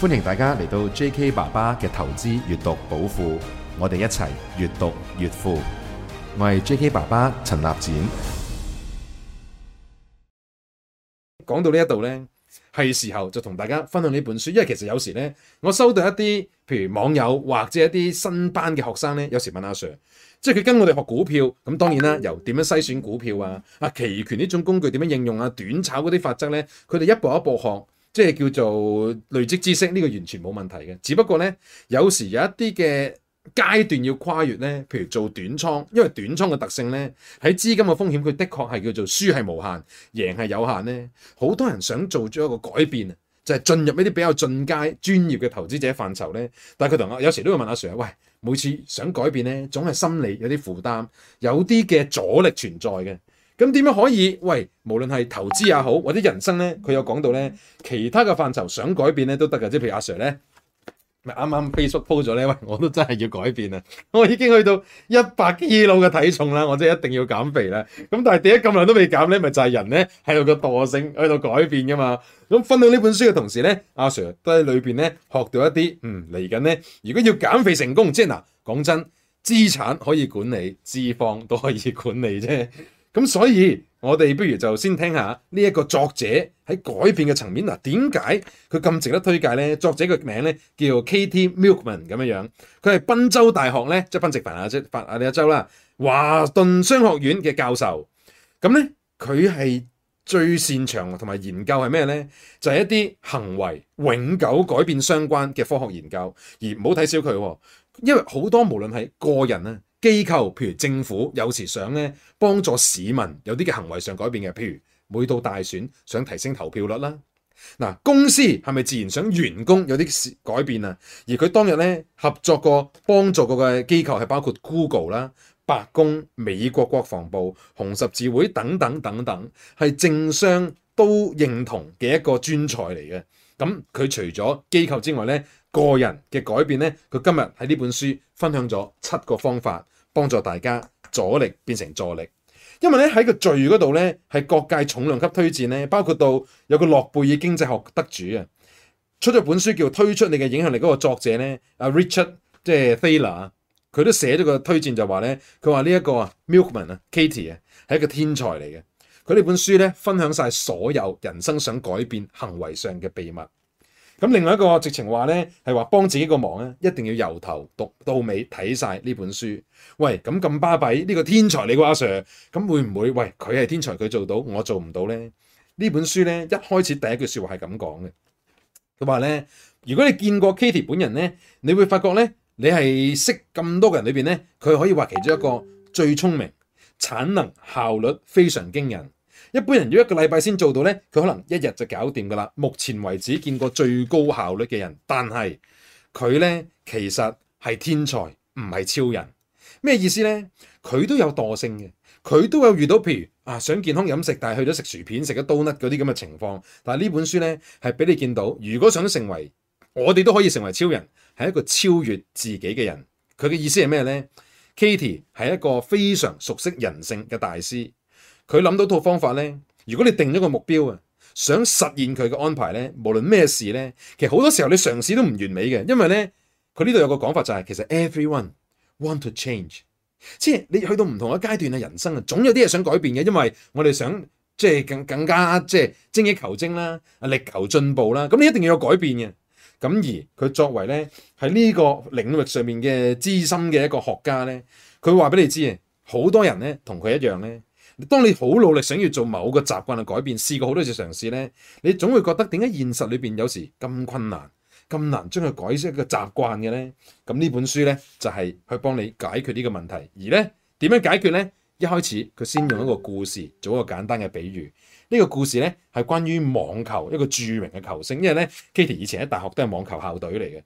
歡迎大家嚟到 J.K. 爸爸嘅投資閱讀寶庫，我哋一齊閱讀越富。我係 J.K. 爸爸陳立展。講到呢一度呢，係時候就同大家分享呢本書，因為其實有時呢，我收到一啲，譬如網友或者一啲新班嘅學生呢，有時問阿 Sir，即係佢跟我哋學股票，咁當然啦，由點樣篩選股票啊，啊期權呢種工具點樣應用啊，短炒嗰啲法則呢，佢哋一步一步學。即係叫做累積知識，呢個完全冇問題嘅。只不過呢，有時有一啲嘅階段要跨越呢，譬如做短倉，因為短倉嘅特性呢，喺資金嘅風險，佢的確係叫做輸係無限，贏係有限呢，好多人想做出一個改變，就係進入一啲比較進階專業嘅投資者範疇呢，但係佢同我有時都會問阿 Sir，喂，每次想改變呢，總係心理有啲負擔，有啲嘅阻力存在嘅。咁點樣可以？喂，無論係投資也好，或者人生咧，佢有講到咧，其他嘅範疇想改變咧都得㗎。即係譬如阿 Sir 咧，咪啱啱 Facebook 鋪咗咧，喂，我都真係要改變啊！我已經去到一百幾噚嘅體重啦，我真係一定要減肥啦。咁但係點解咁耐都未減咧，咪就係人咧喺度個惰性去到改變噶嘛。咁分到呢本書嘅同時咧，阿 Sir 都喺裏邊咧學到一啲嗯嚟緊咧。如果要減肥成功，即係嗱講真，資產可以管理，脂肪都可以管理啫。咁所以我哋不如就先聽下呢一個作者喺改變嘅層面嗱，點解佢咁值得推介咧？作者嘅名咧叫 Katie Milkman 咁樣樣，佢係賓州大學咧、就是，即係賓夕凡啊，即係法啊呢一州啦，華頓商學院嘅教授。咁咧佢係最擅長同埋研究係咩咧？就係、是、一啲行為永久改變相關嘅科學研究，而唔好睇小佢，因為好多無論係個人啊。機構譬如政府有時想咧幫助市民有啲嘅行為上改變嘅，譬如每到大選想提升投票率啦。嗱，公司係咪自然想員工有啲改變啊？而佢當日咧合作過幫助過嘅機構係包括 Google 啦、白宮、美國國防部、紅十字會等等等等，係政商都認同嘅一個專才嚟嘅。咁佢除咗機構之外咧，個人嘅改變咧，佢今日喺呢本書分享咗七個方法，幫助大家阻力變成助力。因為咧喺個序嗰度咧，係各界重量級推薦咧，包括到有個諾貝爾經濟學得主啊，出咗本書叫《推出你嘅影響力》嗰個作者咧，阿 Richard 即係 Thaler，佢都寫咗個推薦就話咧，佢話呢一個啊 Milkman 啊 Katie 啊係一個天才嚟嘅。佢呢本書咧，分享晒所有人生想改變行為上嘅秘密。咁另外一個直情話咧，係話幫自己個忙咧，一定要由頭讀到尾睇晒呢本書。喂，咁咁巴閉，呢個天才你個阿 Sir，咁會唔會？喂，佢係天才，佢做到，我做唔到咧？呢本書咧，一開始第一句説話係咁講嘅。佢話咧，如果你見過 Katie 本人咧，你會發覺咧，你係識咁多嘅人裏邊咧，佢可以話其中一個最聰明，產能效率非常驚人。一般人要一個禮拜先做到呢，佢可能一日就搞掂噶啦。目前為止見過最高效率嘅人，但係佢呢，其實係天才，唔係超人。咩意思呢？佢都有惰性嘅，佢都有遇到譬如啊，想健康飲食，但係去咗食薯片，食得刀甩嗰啲咁嘅情況。但係呢本書呢，係俾你見到，如果想成為我哋都可以成為超人，係一個超越自己嘅人。佢嘅意思係咩呢？Katie 係一個非常熟悉人性嘅大師。佢諗到套方法咧，如果你定咗個目標啊，想實現佢嘅安排咧，無論咩事咧，其實好多時候你嘗試都唔完美嘅，因為咧，佢呢度有個講法就係，其實 everyone want to change，即係你去到唔同嘅階段嘅人生啊，總有啲嘢想改變嘅，因為我哋想即係更更加即係精益求精啦，啊力求進步啦，咁你一定要有改變嘅。咁而佢作為咧喺呢個領域上面嘅資深嘅一個學家咧，佢會話俾你知啊，好多人咧同佢一樣咧。當你好努力想要做某個習慣去改變，試過好多次嘗試呢，你總會覺得點解現實裏邊有時咁困難、咁難將佢改成一個習慣嘅呢？咁呢本書呢，就係去幫你解決呢個問題。而呢點樣解決呢？一開始佢先用一個故事做一個簡單嘅比喻。呢個故事呢，係關於網球一個著名嘅球星，因為呢 Katie 以前喺大學都係網球校隊嚟嘅，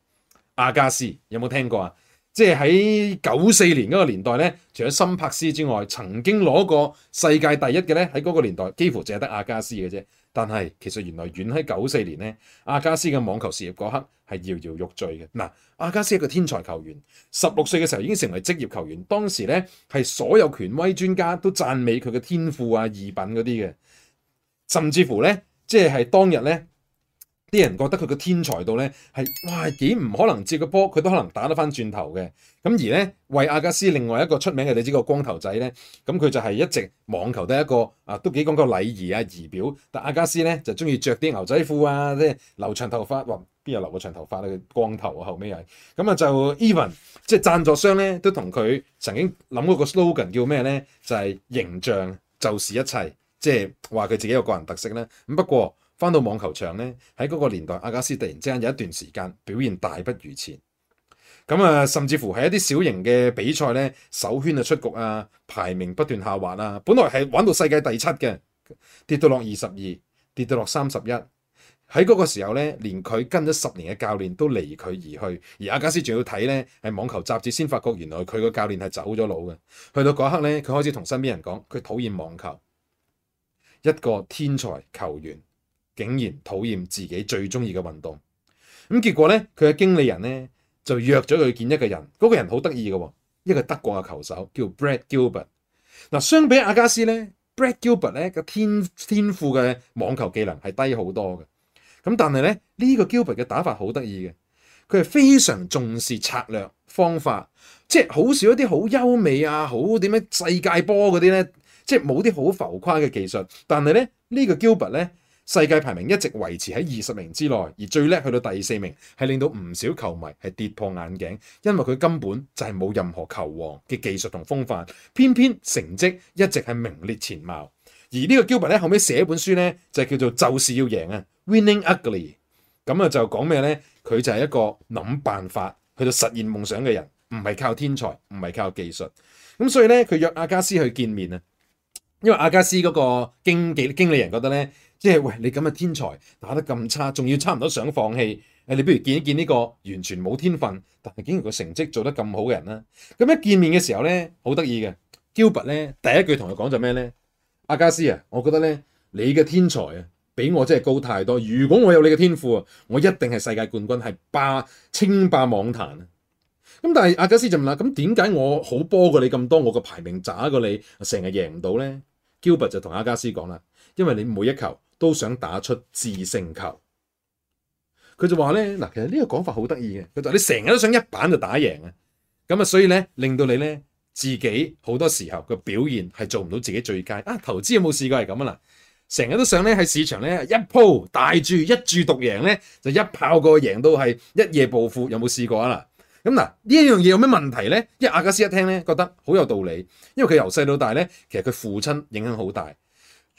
阿加斯有冇聽過啊？即係喺九四年嗰個年代咧，除咗森柏斯之外，曾經攞過世界第一嘅咧，喺嗰個年代幾乎淨係得阿加斯嘅啫。但係其實原來遠喺九四年咧，阿加斯嘅網球事業嗰刻係搖搖欲墜嘅。嗱，阿加斯係一個天才球員，十六歲嘅時候已經成為職業球員，當時咧係所有權威專家都讚美佢嘅天賦啊、異稟嗰啲嘅，甚至乎咧即係係當日咧。啲人覺得佢個天才度咧係哇幾唔可能接個波，佢都可能打得翻轉頭嘅。咁而咧，為阿加斯另外一個出名嘅你知個光頭仔咧，咁佢就係一直網球都係一個啊，都幾講究禮儀啊儀表。但阿加斯咧就中意着啲牛仔褲啊，即係留長頭髮。哇，邊有留過長頭髮咧？佢光頭啊，後尾係咁啊，就 Even 即係贊助商咧都同佢曾經諗過個 slogan 叫咩咧？就係、是、形象就是一切，即係話佢自己有個人特色啦。咁不過。翻到網球場咧，喺嗰個年代，阿加斯突然之間有一段時間表現大不如前，咁啊，甚至乎喺一啲小型嘅比賽咧，首圈啊出局啊，排名不斷下滑啊。本來係玩到世界第七嘅，跌到落二十二，跌到落三十一。喺嗰個時候咧，連佢跟咗十年嘅教練都離佢而去，而阿加斯仲要睇咧，係網球雜誌先發覺原來佢個教練係走咗佬嘅。去到嗰一刻咧，佢開始同身邊人講，佢討厭網球，一個天才球員。竟然討厭自己最中意嘅運動，咁結果咧，佢嘅經理人咧就約咗佢見一個人，嗰個人好得意嘅，一個德國嘅球手叫 Brad Gilbert。嗱、啊，相比阿加斯咧，Brad Gilbert 咧個天天賦嘅網球技能係低好多嘅。咁但係咧，呢、呢個 Gilbert 嘅打法好得意嘅，佢係非常重視策略方法，即係好少一啲好優美啊，好點樣世界波嗰啲咧，即係冇啲好浮誇嘅技術。但係咧，呢、呢個 Gilbert 咧。世界排名一直維持喺二十名之內，而最叻去到第四名，係令到唔少球迷係跌破眼鏡，因為佢根本就係冇任何球王嘅技術同風範，偏偏成績一直係名列前茅。而呢個 Gilbert 咧後尾寫本書咧，就叫做就是要贏啊，Winning Ugly。咁啊就講咩咧？佢就係一個諗辦法去到實現夢想嘅人，唔係靠天才，唔係靠技術。咁所以咧，佢約阿加斯去見面啊，因為阿加斯嗰個經紀經理人覺得咧。即係喂，你咁嘅天才打得咁差，仲要差唔多想放棄？誒，你不如見一見呢個完全冇天分，但係竟然個成績做得咁好嘅人啦。咁一見面嘅時候咧，好得意嘅，Gilbert 咧第一句同佢講就咩咧？阿加斯啊，我覺得咧你嘅天才啊，比我真係高太多。如果我有你嘅天賦啊，我一定係世界冠軍，係霸，稱霸網壇啊。咁但係阿加斯就問啦，咁點解我好波過你咁多，我個排名渣過你，成日贏唔到咧？Gilbert 就同阿加斯講啦，因為你每一球，都想打出制勝球，佢就話咧嗱，其實呢個講法好得意嘅。佢就話你成日都想一板就打贏啊，咁啊，所以咧令到你咧自己好多時候嘅表現係做唔到自己最佳啊。投資有冇試過係咁啊？嗱，成日都想咧喺市場咧一鋪大注一注獨贏咧就一炮過贏到係一夜暴富，有冇試過啊？嗱，咁嗱呢一樣嘢有咩問題咧？因為阿加斯一聽咧覺得好有道理，因為佢由細到大咧，其實佢父親影響好大。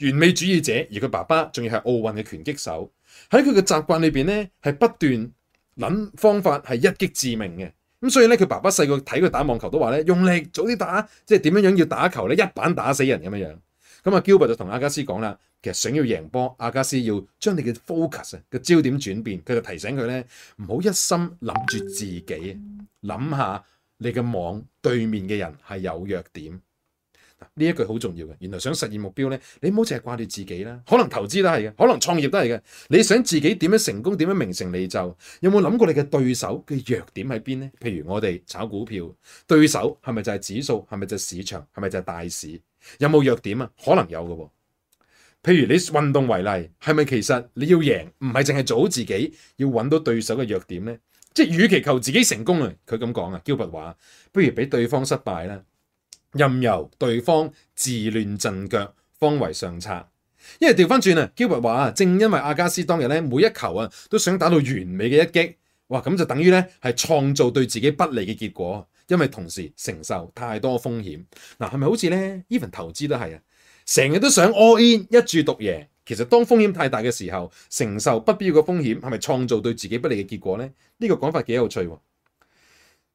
完美主義者，而佢爸爸仲要係奧運嘅拳擊手，喺佢嘅習慣裏邊咧，係不斷諗方法，係一擊致命嘅。咁所以咧，佢爸爸細個睇佢打網球都話咧，用力早啲打，即係點樣樣要打球咧，一板打死人咁樣樣。咁阿 Gilbert 就同阿加斯講啦，其實想要贏波，阿加斯要將你嘅 focus 啊個焦點轉變。佢就提醒佢咧，唔好一心諗住自己，諗下你嘅網對面嘅人係有弱點。呢一句好重要嘅，原來想實現目標呢，你唔好淨係掛住自己啦，可能投資都係嘅，可能創業都係嘅。你想自己點樣成功，點樣名成利就，有冇諗過你嘅對手嘅弱點喺邊呢？譬如我哋炒股票，對手係咪就係指數，係咪就係市場，係咪就係大市？有冇弱點啊？可能有嘅。譬如你運動為例，係咪其實你要贏，唔係淨係做好自己，要搵到對手嘅弱點呢？即係與其求自己成功啊，佢咁講啊，膠拔話，不如俾對方失敗啦。任由對方自亂陣腳，方為上策。因為調翻轉啊，Gilbert 話啊，正因為阿加斯當日咧每一球啊都想打到完美嘅一擊，哇咁就等於咧係創造對自己不利嘅結果，因為同時承受太多風險。嗱，係咪好似咧？even 投資都係啊，成日都想 all in 一注獨贏。其實當風險太大嘅時候，承受不必要嘅風險，係咪創造對自己不利嘅結果咧？呢個講法幾有趣喎。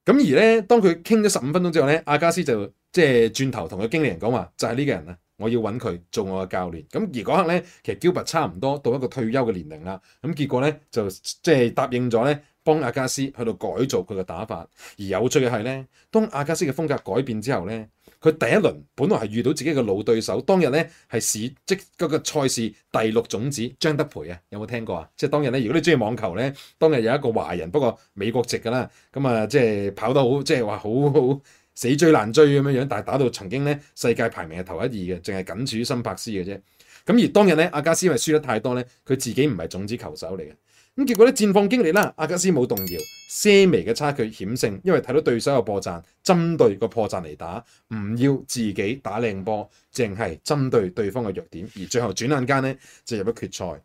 咁而咧，當佢傾咗十五分鐘之後咧，阿加斯就，即係轉頭同個經理人講話，就係、是、呢個人啊，我要揾佢做我嘅教練。咁而嗰刻咧，其實 Gilbert 差唔多到一個退休嘅年齡啦。咁結果咧就即係、就是、答應咗咧，幫阿加斯去到改造佢嘅打法。而有趣嘅係咧，當阿加斯嘅風格改變之後咧，佢第一輪本來係遇到自己嘅老對手。當日咧係市即嗰、那個賽事第六種子張德培啊，有冇聽過啊？即係當日咧，如果你中意網球咧，當日有一個華人不過美國籍㗎啦。咁啊，即係跑得好，即係話好好。 死追難追咁樣樣，但係打到曾經咧世界排名係頭一二嘅，淨係僅次於新柏斯嘅啫。咁而當日咧，阿加斯因為輸得太多咧，佢自己唔係種子球手嚟嘅。咁結果咧，戰況經歷啦，阿加斯冇動搖，些微嘅差距險勝，因為睇到對手有破綻，針對個破綻嚟打，唔要自己打靚波，淨係針對對方嘅弱點。而最後轉眼間咧就入咗決賽，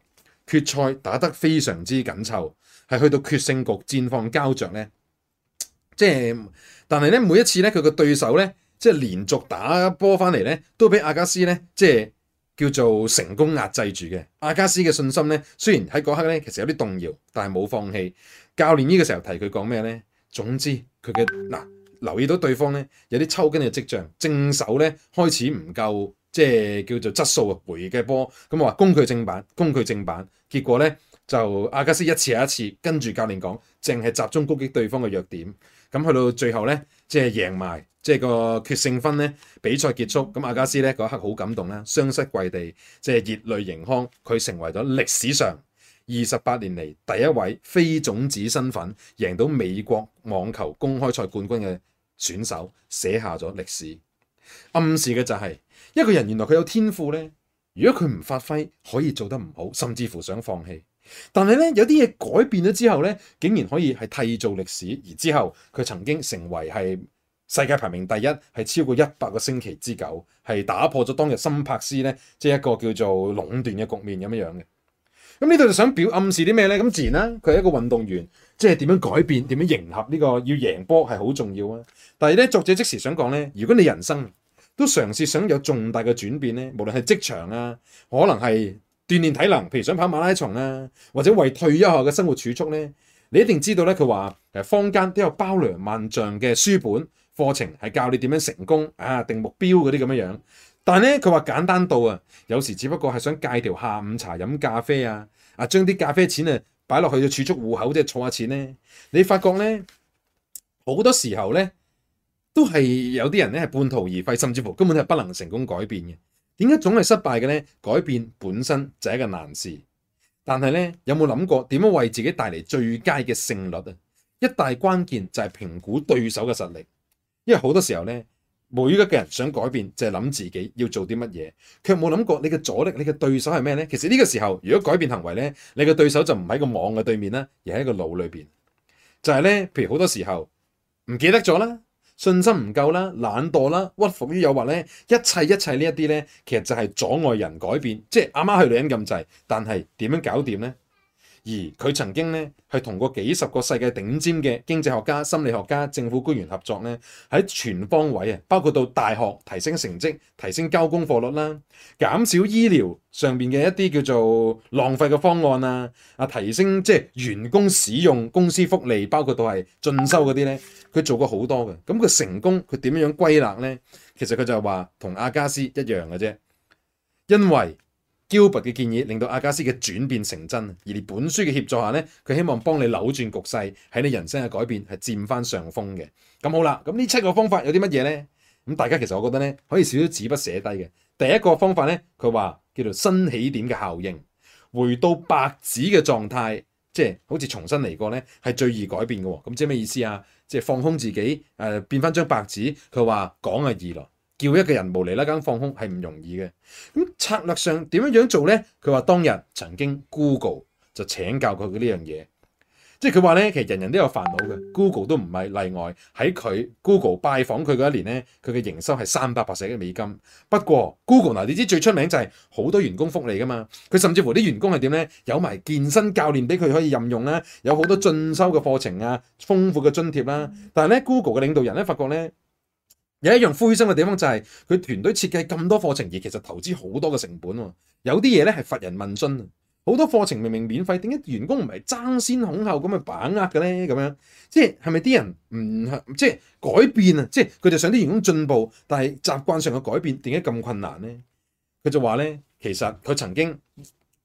決賽打得非常之緊湊，係去到決勝局戰況膠着咧。即係，但係咧，每一次咧，佢個對手咧，即係連續打一波翻嚟咧，都俾阿加斯咧，即係叫做成功壓制住嘅。阿加斯嘅信心咧，雖然喺嗰刻咧，其實有啲動搖，但係冇放棄。教練呢個時候提佢講咩咧？總之佢嘅嗱留意到對方咧有啲抽筋嘅跡象，正手咧開始唔夠，即係叫做質素啊，攰嘅波。咁我話攻佢正板，攻佢正板，結果咧。就阿加斯一次一次跟住教練講，淨係集中攻擊對方嘅弱點。咁去到最後呢，即係贏埋，即係個決勝分呢，比賽結束咁，阿加斯呢，嗰一刻好感動啦，雙膝跪地，即係熱淚盈眶。佢成為咗歷史上二十八年嚟第一位非種子身份贏到美國網球公開賽冠軍嘅選手，寫下咗歷史。暗示嘅就係一個人原來佢有天賦呢，如果佢唔發揮，可以做得唔好，甚至乎想放棄。但係咧，有啲嘢改變咗之後咧，竟然可以係締造歷史，而之後佢曾經成為係世界排名第一，係超過一百個星期之久，係打破咗當日森柏斯咧，即係一個叫做壟斷嘅局面咁樣樣嘅。咁呢度就想表暗示啲咩咧？咁自然啦、啊，佢係一個運動員，即係點樣改變，點樣迎合呢個要贏波係好重要啊！但係咧，作者即時想講咧，如果你人生都嘗試想有重大嘅轉變咧，無論係職場啊，可能係。鍛鍊體能，譬如想跑馬拉松啦，或者為退休後嘅生活儲蓄咧，你一定知道咧。佢話誒，坊間都有包羅萬象嘅書本課程，係教你點樣成功啊，定目標嗰啲咁樣樣。但係咧，佢話簡單到啊，有時只不過係想戒掉下午茶飲咖啡啊，啊將啲咖啡錢啊擺落去嘅儲蓄戶口，即係儲下錢咧。你發覺咧，好多時候咧，都係有啲人咧係半途而廢，甚至乎根本係不能成功改變嘅。點解總係失敗嘅呢？改變本身就係一個難事，但係呢，有冇諗過點樣為自己帶嚟最佳嘅勝率啊？一大關鍵就係評估對手嘅實力，因為好多時候呢，每一個人想改變就係諗自己要做啲乜嘢，卻冇諗過你嘅阻力，你嘅對手係咩呢？其實呢個時候，如果改變行為呢，你嘅對手就唔喺個網嘅對面啦，而喺個腦裏邊。就係、是、呢，譬如好多時候唔記得咗啦。信心唔夠啦，懶惰啦，屈服於誘惑咧，一切一切呢一啲呢，其實就係阻礙人改變。即係阿媽係女人咁滯，但係點樣搞掂呢？而佢曾經咧係同過幾十個世界頂尖嘅經濟學家、心理學家、政府官員合作咧，喺全方位啊，包括到大學提升成績、提升交功課率啦，減少醫療上面嘅一啲叫做浪費嘅方案啊，啊提升即係員工使用公司福利，包括到係進修嗰啲咧，佢做過好多嘅。咁佢成功佢點樣歸納咧？其實佢就係話同阿加斯一樣嘅啫，因為。Gilbert 嘅建議令到阿加斯嘅轉變成真，而你本書嘅協助下咧，佢希望幫你扭轉局勢，喺你人生嘅改變係佔翻上風嘅。咁好啦，咁呢七個方法有啲乜嘢咧？咁大家其實我覺得咧，可以少少紙筆寫低嘅。第一個方法咧，佢話叫做新起點嘅效應，回到白紙嘅狀態，即係好似重新嚟過咧，係最易改變嘅。咁即係咩意思啊？即係放空自己，誒變翻張白紙。佢話講啊易咯。叫一個人無厘啦間放空係唔容易嘅。咁策略上點樣樣做咧？佢話當日曾經 Google 就請教過佢呢樣嘢，即係佢話咧，其實人人都有煩惱嘅，Google 都唔係例外。喺佢 Google 拜訪佢嗰一年咧，佢嘅營收係三百八十億美金。不過 Google 嗱，你知最出名就係好多員工福利噶嘛。佢甚至乎啲員工係點咧？有埋健身教練俾佢可以任用啦，有好多進修嘅課程啊，豐富嘅津貼啦。但係咧，Google 嘅領導人咧，發覺咧，有一樣灰心嘅地方就係、是、佢團隊設計咁多課程，而其實投資好多嘅成本，有啲嘢咧係乏人問津啊！好多課程明明免費，點解員工唔係爭先恐後咁去把握嘅咧？咁樣即係係咪啲人唔係即係改變啊？即係佢就想啲員工進步，但係習慣上嘅改變點解咁困難咧？佢就話咧，其實佢曾經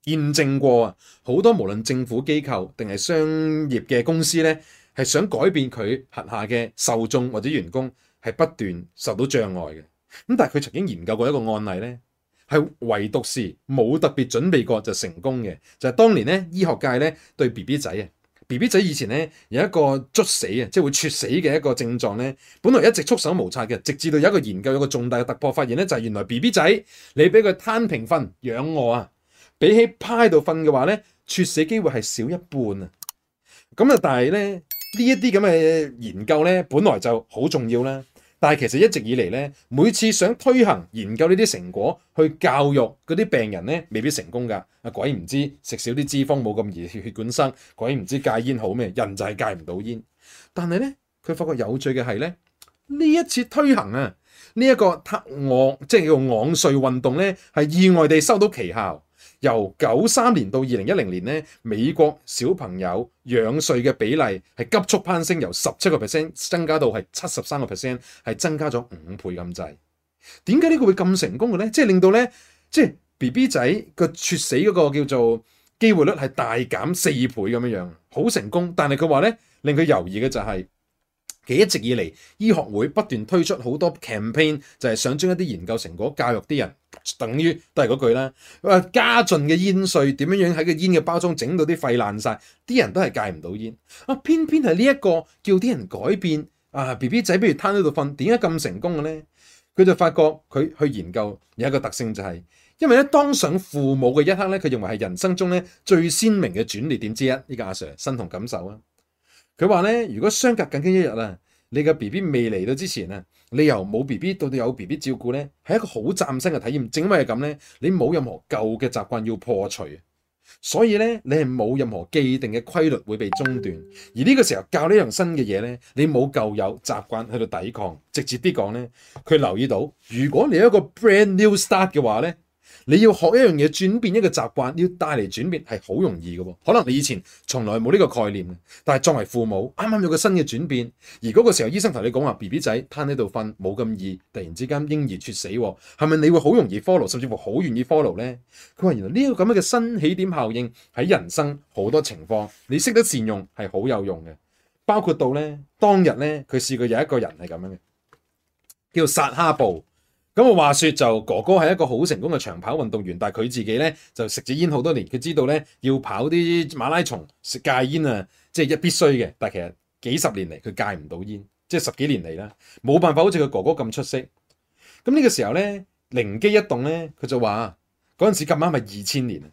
驗證過啊，好多無論政府機構定係商業嘅公司咧，係想改變佢轄下嘅受眾或者員工。係不斷受到障礙嘅，咁但係佢曾經研究過一個案例咧，係唯獨是冇特別準備過就成功嘅，就係、是、當年咧醫學界咧對 B B 仔啊，B B 仔以前咧有一個猝死啊，即係會猝死嘅一個症狀咧，本來一直束手無策嘅，直至到有一個研究有個重大嘅突破，發現咧就係、是、原來 B B 仔你俾佢攤平瞓、仰臥啊，比起趴喺度瞓嘅話咧，猝死機會係少一半啊。咁啊，但係咧呢一啲咁嘅研究咧，本來就好重要啦。但其實一直以嚟咧，每次想推行研究呢啲成果去教育嗰啲病人咧，未必成功㗎。啊鬼唔知食少啲脂肪冇咁易血管生，鬼唔知戒煙好咩？人就係戒唔到煙。但係咧，佢發覺有趣嘅係咧，呢一次推行啊，這個、呢一個塔昂即係叫昂睡運動咧，係意外地收到奇效。由九三年到二零一零年咧，美國小朋友仰睡嘅比例係急速攀升由，由十七個 percent 增加到係七十三個 percent，係增加咗五倍咁滯。點解呢個會咁成功嘅咧？即係令到咧，即係 B B 仔個猝死嗰個叫做機會率係大減四倍咁樣樣，好成功。但係佢話咧，令佢猶豫嘅就係、是。其實一直以嚟，醫學會不斷推出好多 campaign，就係想將一啲研究成果教育啲人，等於都係嗰句啦。誒，加進嘅煙稅點樣樣喺、這個煙嘅包裝整到啲肺爛晒，啲人都係戒唔到煙。啊，偏偏係呢一個叫啲人改變啊，B B 仔不如攤喺度瞓，點解咁成功嘅咧？佢就發覺佢去研究有一個特性就係、是，因為咧當上父母嘅一刻咧，佢認為係人生中咧最鮮明嘅轉捩點之一。呢、這個阿 Sir 身同感受啊！佢話咧，如果相隔僅僅一日啊，你嘅 B B 未嚟到之前啊，你由冇 B B 到到有 B B 照顧咧，係一個好嶄新嘅體驗。正因為咁咧，你冇任何舊嘅習慣要破除，所以咧你係冇任何既定嘅規律會被中斷。而呢個時候教呢樣新嘅嘢咧，你冇舊有習慣去到抵抗。直接啲講咧，佢留意到，如果你一個 brand new start 嘅話咧。你要學一樣嘢，轉變一個習慣，要帶嚟轉變係好容易嘅喎。可能你以前從來冇呢個概念，但係作為父母，啱啱有個新嘅轉變，而嗰個時候醫生同你講話，B B 仔攤喺度瞓冇咁易，突然之間嬰兒猝死，係咪你會好容易 follow，甚至乎好願意 follow 呢？佢話原來呢個咁樣嘅新起點效應喺人生好多情況，你識得善用係好有用嘅，包括到呢，當日呢，佢試過有一個人係咁樣嘅，叫做薩哈布。咁我話説就哥哥係一個好成功嘅長跑運動員，但係佢自己咧就食住煙好多年。佢知道咧要跑啲馬拉松食戒煙啊，即係一必須嘅。但係其實幾十年嚟佢戒唔到煙，即係十幾年嚟啦，冇辦法好似佢哥哥咁出色。咁呢個時候咧靈機一動咧，佢就話嗰陣時咁啱係二千年啊，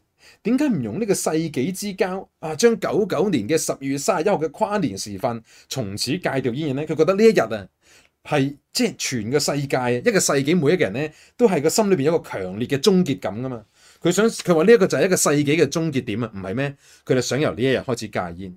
點解唔用呢個世紀之交啊，將九九年嘅十二月三十一號嘅跨年時分，從此戒掉煙煙咧？佢覺得呢一日啊～係即係全個世界一個世紀每一個人咧，都係個心裏邊有一個強烈嘅終結感噶嘛。佢想佢話呢一個就係一個世紀嘅終結點啊，唔係咩？佢就想由呢一日開始戒煙，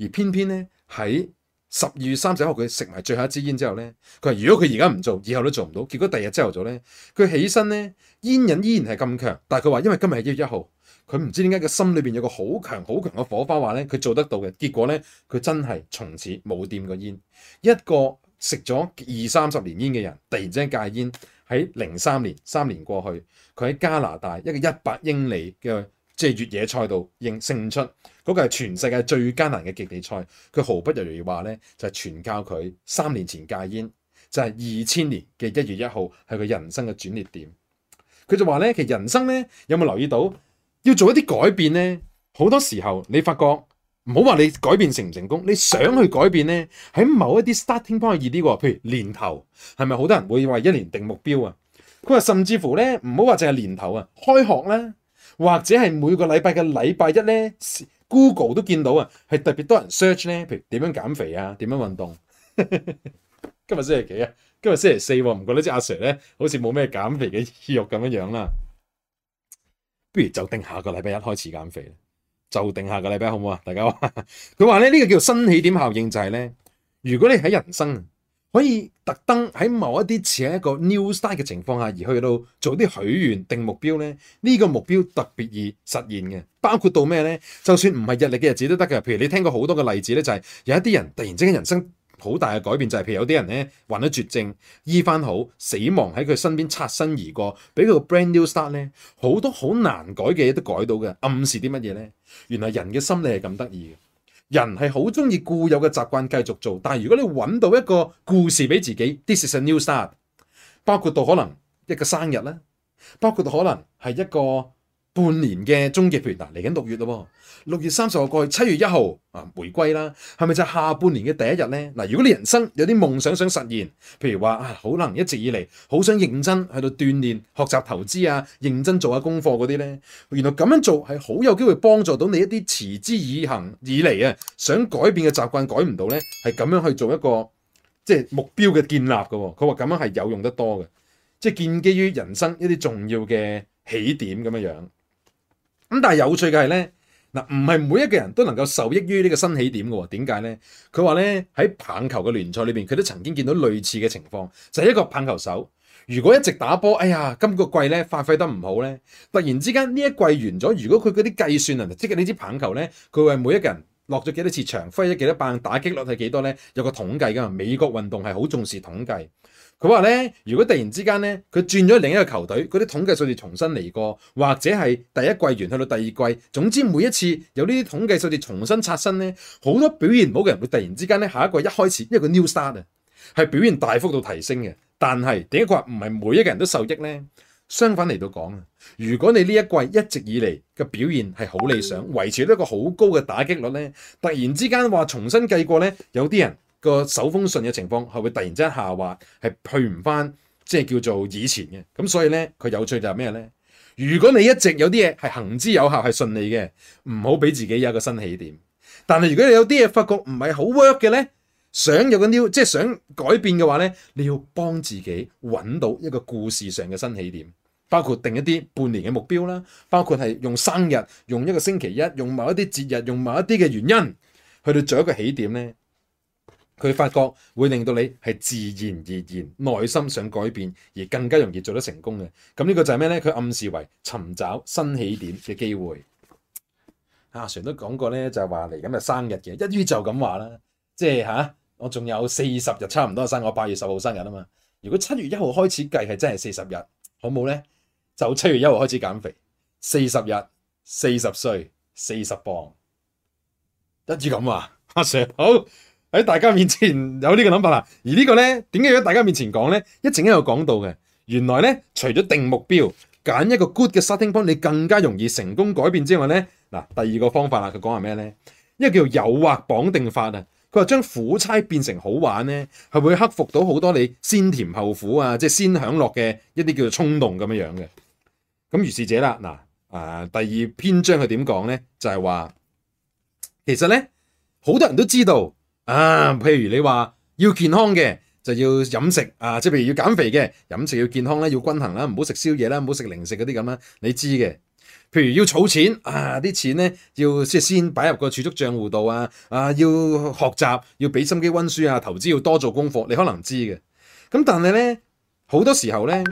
而偏偏咧喺十二月三十一號佢食埋最後一支煙之後咧，佢話如果佢而家唔做，以後都做唔到。結果第二日朝頭早咧，佢起身咧，煙癮依然係咁強，但係佢話因為今日係一月一號，佢唔知點解個心裏邊有個好強好強嘅火花，話咧佢做得到嘅。結果咧，佢真係從此冇掂過煙一個。食咗二三十年煙嘅人，突然之間戒煙，喺零三年，三年過去，佢喺加拿大一個一百英里嘅即係越野賽度認勝出，嗰、那個係全世界最艱難嘅極地賽。佢毫不猶豫話呢，就係、是、全靠佢三年前戒煙，就係二千年嘅一月一號係佢人生嘅轉捩點。佢就話呢，其實人生呢，有冇留意到要做一啲改變呢？好多時候你發覺。唔好話你改變成唔成功，你想去改變咧？喺某一啲 starting point 易啲，譬如年頭，係咪好多人會話一年定目標啊？佢話甚至乎咧，唔好話淨係年頭啊，開學啦，或者係每個禮拜嘅禮拜一咧，Google 都見到啊，係特別多人 search 咧，譬如點樣減肥啊，點樣運動。 今日星期幾啊？今日星期四喎，唔覺得即阿 Sir 咧好似冇咩減肥嘅意欲咁樣樣啦？不如就定下個禮拜一開始減肥。就定下個禮拜好唔好啊？大家話佢話咧呢、呢個叫做新起點效應，就係、係、咧，如果你喺人生可以特登喺某一啲似係一個 new start 嘅情況下，而去到做啲許願定目標咧，呢、呢個目標特別易實現嘅。包括到咩咧？就算唔係日曆嘅日子都得嘅。譬如你聽過好多個例子咧、就係，就係有一啲人突然之間人生好大嘅改變，就係、係、譬如有啲人咧患咗絕症，醫翻好，死亡喺佢身邊擦身而過，俾佢個 brand new start 咧，好多好難改嘅嘢都改到嘅。暗示啲乜嘢咧？原來人嘅心理係咁得意嘅，人係好中意固有嘅習慣繼續做，但如果你揾到一個故事俾自己，this is a new start，包括到可能一個生日咧，包括到可能係一個。半年嘅終結，譬如嗱，嚟緊六月咯，六月三十號過去，七月一號啊，回歸啦，係咪就下半年嘅第一日呢？嗱，如果你人生有啲夢想想實現，譬如話啊，可能一直以嚟好想認真喺度鍛鍊、學習投資啊，認真做下功課嗰啲呢，原來咁樣做係好有機會幫助到你一啲持之以恒，以嚟啊，想改變嘅習慣改唔到呢，係咁樣去做一個即係目標嘅建立嘅。佢話咁樣係有用得多嘅，即係建基於人生一啲重要嘅起點咁樣樣。咁但係有趣嘅係咧，嗱，唔係每一個人都能夠受益於呢個新起點嘅喎。點解咧？佢話咧，喺棒球嘅聯賽裏邊，佢都曾經見到類似嘅情況。就係一個棒球手，如果一直打波，哎呀，今個季咧發揮得唔好咧，突然之間呢一季完咗，如果佢嗰啲計算啊，即係呢支棒球咧，佢為每一個人落咗幾多次場，揮咗幾多棒，打擊率係幾多咧？有個統計㗎嘛。美國運動係好重視統計。佢話咧，如果突然之間咧，佢轉咗另一個球隊，嗰啲統計數字重新嚟過，或者係第一季完去到第二季，總之每一次有呢啲統計數字重新刷新咧，好多表現唔好嘅人會突然之間咧，下一季一開始，因為個 new start 啊，係表現大幅度提升嘅。但係點解佢話唔係每一個人都受益咧？相反嚟到講啊，如果你呢一季一直以嚟嘅表現係好理想，維持到一個好高嘅打擊率咧，突然之間話重新計過咧，有啲人。個手風順嘅情況係會突然之間下滑，係去唔翻，即係叫做以前嘅。咁所以咧，佢有趣就係咩咧？如果你一直有啲嘢係行之有效，係順利嘅，唔好俾自己有一個新起點。但係如果你有啲嘢發覺唔係好 work 嘅咧，想有個 new，即係想改變嘅話咧，你要幫自己揾到一個故事上嘅新起點，包括定一啲半年嘅目標啦，包括係用生日、用一個星期一、用某一啲節日、用某一啲嘅原因去到做一個起點咧。佢發覺會令到你係自然而然、內心想改變而更加容易做得成功嘅。咁、這、呢個就係咩呢？佢暗示為尋找新起點嘅機會。阿、 啊、Sir 都講過呢，就係話嚟緊嘅生日嘅，一於就咁話啦。即係吓、啊，我仲有四十日差唔多生我八月十號生日啊嘛。如果七月一號開始計，係真係四十日，好冇呢？就七月一號開始減肥，四十日、四十歲、四十磅，一於咁話。阿、啊、Sir 好。喺大家面前有呢個諗法啦，而呢個咧點解要喺大家面前講咧？一陣間有講到嘅。原來咧，除咗定目標、揀一個 good 嘅 setting point 你更加容易成功改變之外咧，嗱，第二個方法啦，佢講係咩咧？一個叫誘惑綁定法啊。佢話將苦差變成好玩咧，係會克服到好多你先甜後苦啊，即係先享樂嘅一啲叫做衝動咁樣樣嘅。咁如是者啦，嗱、啊，第二篇章佢點講咧？就係話其實咧，好多人都知道。啊，譬如你話要健康嘅就要飲食啊，即係譬如要減肥嘅飲食要健康啦，要均衡啦，唔好食宵夜啦，唔好食零食嗰啲咁啦，你知嘅。譬如要儲錢啊，啲錢咧要即係先擺入個儲蓄帳戶度啊，啊要學習要俾心機溫書啊，投資要多做功課，你可能知嘅。咁但係咧好多時候咧，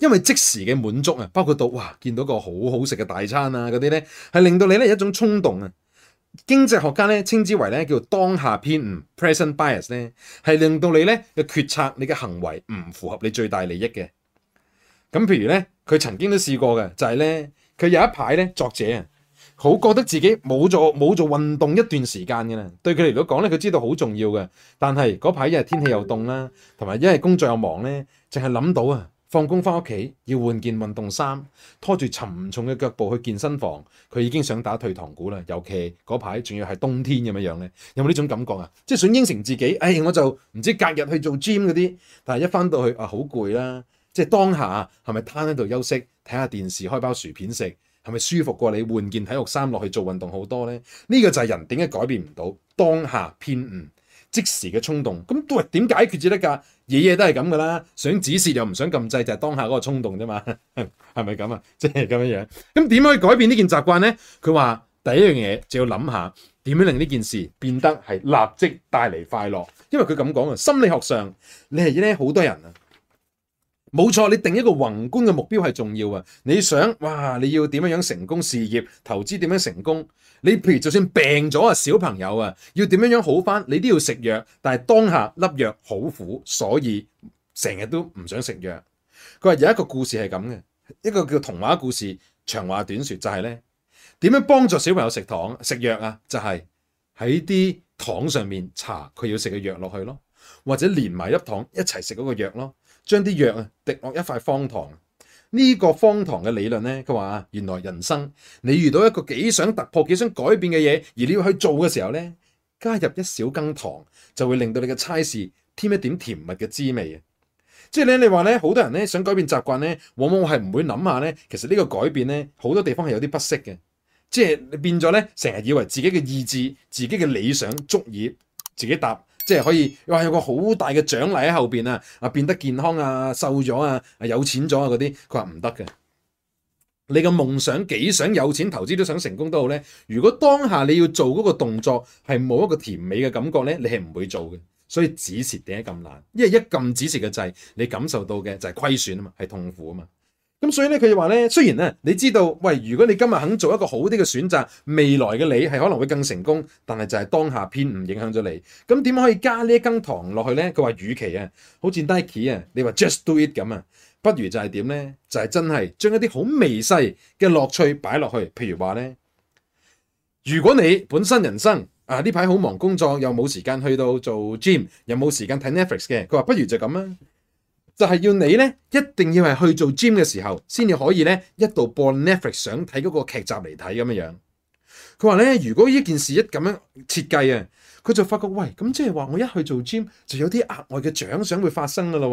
因為即時嘅滿足啊，包括到哇見到個好好食嘅大餐啊嗰啲咧，係令到你咧一種衝動啊。經濟學家咧稱之為咧叫做當下偏誤 （present bias） 咧，係令到你咧嘅決策、你嘅行為唔符合你最大利益嘅。咁譬如咧，佢曾經都試過嘅就係咧，佢有一排咧作者啊，好覺得自己冇做冇做運動一段時間嘅啦，對佢嚟講咧，佢知道好重要嘅。但係嗰排因為天氣又凍啦，同埋因為工作又忙咧，淨係諗到啊。放工翻屋企要換件運動衫，拖住沉重嘅腳步去健身房，佢已經想打退堂鼓啦。尤其嗰排仲要係冬天咁樣樣咧，有冇呢種感覺啊？即係想應承自己，哎，我就唔知隔日去做 gym 嗰啲，但係一翻到去啊好攰啦。即係當下係咪攤喺度休息，睇下電視，開包薯片食，係咪舒服過你換件體育衫落去做運動好多咧？呢個就係人點解改變唔到當下偏誤。即時嘅衝動，咁都係點解決至得㗎？嘢嘢都係咁㗎啦，想指示又唔想禁制，就係、是、當下嗰個衝動啫嘛，係咪咁啊？即係咁樣樣，咁、就、點、是、可以改變呢件習慣咧？佢話第一樣嘢就要諗下點樣令呢件事變得係立即帶嚟快樂，因為佢咁講啊，心理學上你係咧好多人啊。冇錯，你定一個宏觀嘅目標係重要啊！你想哇，你要點樣樣成功事業、投資點樣成功？你譬如就算病咗啊，小朋友啊，要點樣樣好翻，你都要食藥。但係當下粒藥好苦，所以成日都唔想食藥。佢話有一個故事係咁嘅，一個叫童話故事。長話短説就係呢：點樣幫助小朋友食糖食藥啊？就係喺啲糖上面搽佢要食嘅藥落去咯，或者連埋粒糖一齊食嗰個藥咯。將啲藥啊滴落一塊方糖，呢個方糖嘅理論呢，佢話：原來人生你遇到一個幾想突破、幾想改變嘅嘢，而你要去做嘅時候呢，加入一小羹糖，就會令到你嘅差事添一點甜蜜嘅滋味啊！即係咧，你話呢，好多人呢想改變習慣呢，往往係唔會諗下呢。其實呢個改變呢，好多地方係有啲不適嘅，即係變咗呢，成日以為自己嘅意志、自己嘅理想足以自己答。即係可以，哇有個好大嘅獎勵喺後邊啊！啊，變得健康啊，瘦咗啊，有錢咗啊嗰啲，佢話唔得嘅。你嘅夢想幾想有錢投資都想成功都好咧，如果當下你要做嗰個動作係冇一個甜美嘅感覺咧，你係唔會做嘅。所以止蝕點解咁難？因為一按止蝕嘅掣，你感受到嘅就係虧損啊嘛，係痛苦啊嘛。咁所以咧，佢就話咧，雖然咧、啊，你知道，喂，如果你今日肯做一個好啲嘅選擇，未來嘅你係可能會更成功，但係就係當下偏誤影響咗你。咁點可以加一呢一羹糖落去咧？佢話，與其啊，好似 Nike 啊，你話 Just Do It 咁啊，不如就係點咧？就係、是、真係將一啲好微細嘅樂趣擺落去。譬如話咧，如果你本身人生啊呢排好忙工作，又冇時間去到做 gym，又冇時間睇 Netflix 嘅，佢話不如就咁啦。就係要你咧，一定要係去做 gym 嘅時候，先至可以咧，一度播 Netflix 想睇嗰個劇集嚟睇咁樣樣。佢話咧，如果呢件事一咁樣設計啊，佢就發覺，喂，咁即係話我一去做 gym 就有啲額外嘅獎賞會發生噶啦。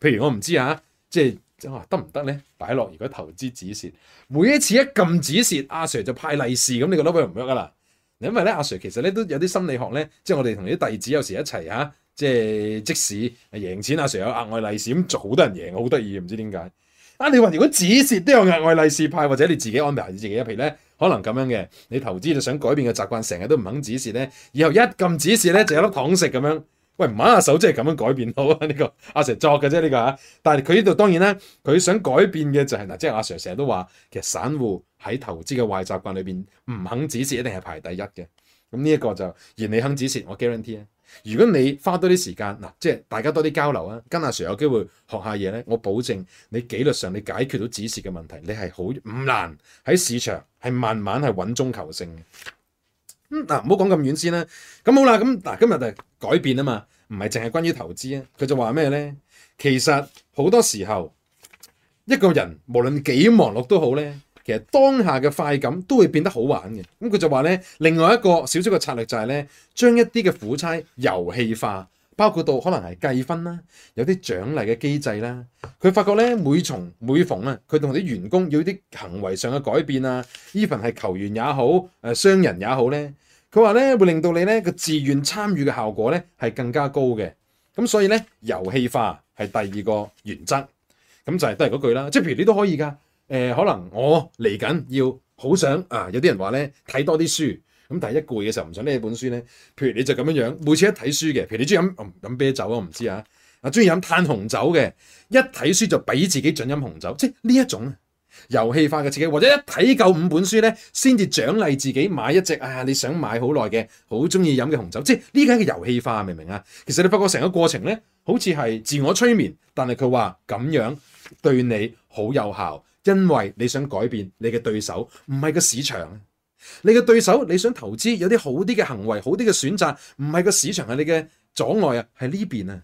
譬如我唔知啊，即係得唔得咧？擺落如果投資止蝕，每一次一撳止蝕，阿 Sir 就派利是，咁你覺得 work 唔 work 噶啦。因為咧，阿 Sir 其實咧都有啲心理學咧，即係我哋同啲弟子有時一齊啊。即係即使贏錢阿 Sir 有額外利是咁，仲好多人贏，好得意，唔知點解。啊，你話如果止蝕都有額外利是派，或者你自己安排自己一譬如咧，可能咁樣嘅，你投資就想改變嘅習慣，成日都唔肯止蝕咧，以後一撳止蝕咧就有粒糖食咁樣。喂，唔揦下手即係咁樣改變到啊！呢、這個阿 Sir 作嘅啫呢個嚇，但係佢呢度當然咧，佢想改變嘅就係、是、嗱、啊，即係阿 Sir 成日都話，其實散戶喺投資嘅壞習慣裏邊，唔肯止蝕一定係排第一嘅。咁呢一個就而你肯止蝕，我 guarantee 啊！如果你花多啲時間嗱，即係大家多啲交流啊，跟阿 Sir 有機會學下嘢咧，我保證你紀律上你解決到指示嘅問題，你係好唔難喺市場係慢慢係穩中求勝嘅。嗯嗱，唔好講咁遠先啦。咁好啦，咁嗱今日就改變啊嘛，唔係淨係關於投資啊。佢就話咩咧？其實好多時候一個人無論幾忙碌都好咧。其實當下嘅快感都會變得好玩嘅，咁佢就話咧，另外一個少少嘅策略就係咧，將一啲嘅苦差遊戲化，包括到可能係計分啦，有啲獎勵嘅機制啦。佢發覺咧，每從每逢啊，佢同啲員工要啲行為上嘅改變啊，even 係球員也好，誒、呃、商人也好咧，佢話咧會令到你咧個自願參與嘅效果咧係更加高嘅。咁所以咧，遊戲化係第二個原則，咁就係都係嗰句啦，即係譬如你都可以㗎。誒、呃、可能我嚟緊要好想啊，有啲人話咧睇多啲書，咁但係一攰嘅時候唔想拎本書咧。譬如你就咁樣樣，每次一睇書嘅，譬如你中意飲飲啤酒啊，我唔知啊，啊中意飲歎紅酒嘅，一睇書就俾自己準飲紅酒，即係呢一種呢遊戲化嘅刺激，或者一睇夠五本書咧，先至獎勵自己買一隻啊你想買好耐嘅好中意飲嘅紅酒，即係呢個係一個遊戲化，明唔明啊？其實你發覺成個過程咧，好似係自我催眠，但係佢話咁樣對你好有效。因為你想改變你嘅對手，唔係個市場，你嘅對手，你想投資有啲好啲嘅行為，好啲嘅選擇，唔係個市場，係你嘅阻礙啊，係呢邊啊，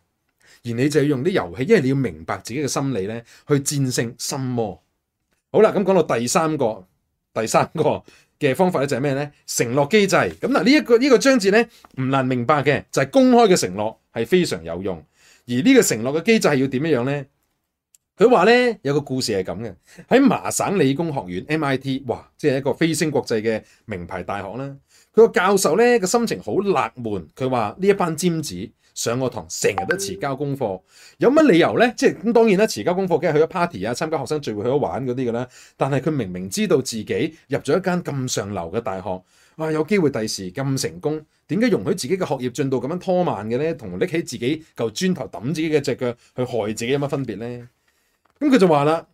而你就要用啲遊戲，因為你要明白自己嘅心理咧，去戰勝心魔。好啦，咁講到第三個，第三個嘅方法咧就係咩咧？承諾機制。咁嗱，呢一個呢個章節咧唔難明白嘅，就係公開嘅承諾係非常有用，而呢個承諾嘅機制係要點樣咧？佢話咧有個故事係咁嘅，喺麻省理工學院 MIT，哇，即係一個飛升國際嘅名牌大學啦。佢個教授咧個心情好納悶，佢話呢一班尖子上個堂成日都遲交功課，有乜理由咧？即係咁當然啦，遲交功課梗係去咗 party 啊，參加學生聚會去咗玩嗰啲噶啦。但係佢明明知道自己入咗一間咁上流嘅大學，哇、啊，有機會第時咁成功，點解容許自己嘅學業進度咁樣拖慢嘅咧？同拎起自己嚿磚頭抌自己嘅隻腳去害自己有乜分別咧？咁佢就話啦，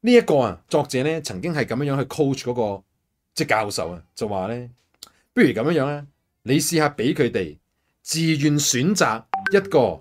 呢一個啊，作者咧曾經係咁樣樣去 coach 嗰個即係教授啊，就話咧，不如咁樣樣咧，你試下俾佢哋自願選擇一個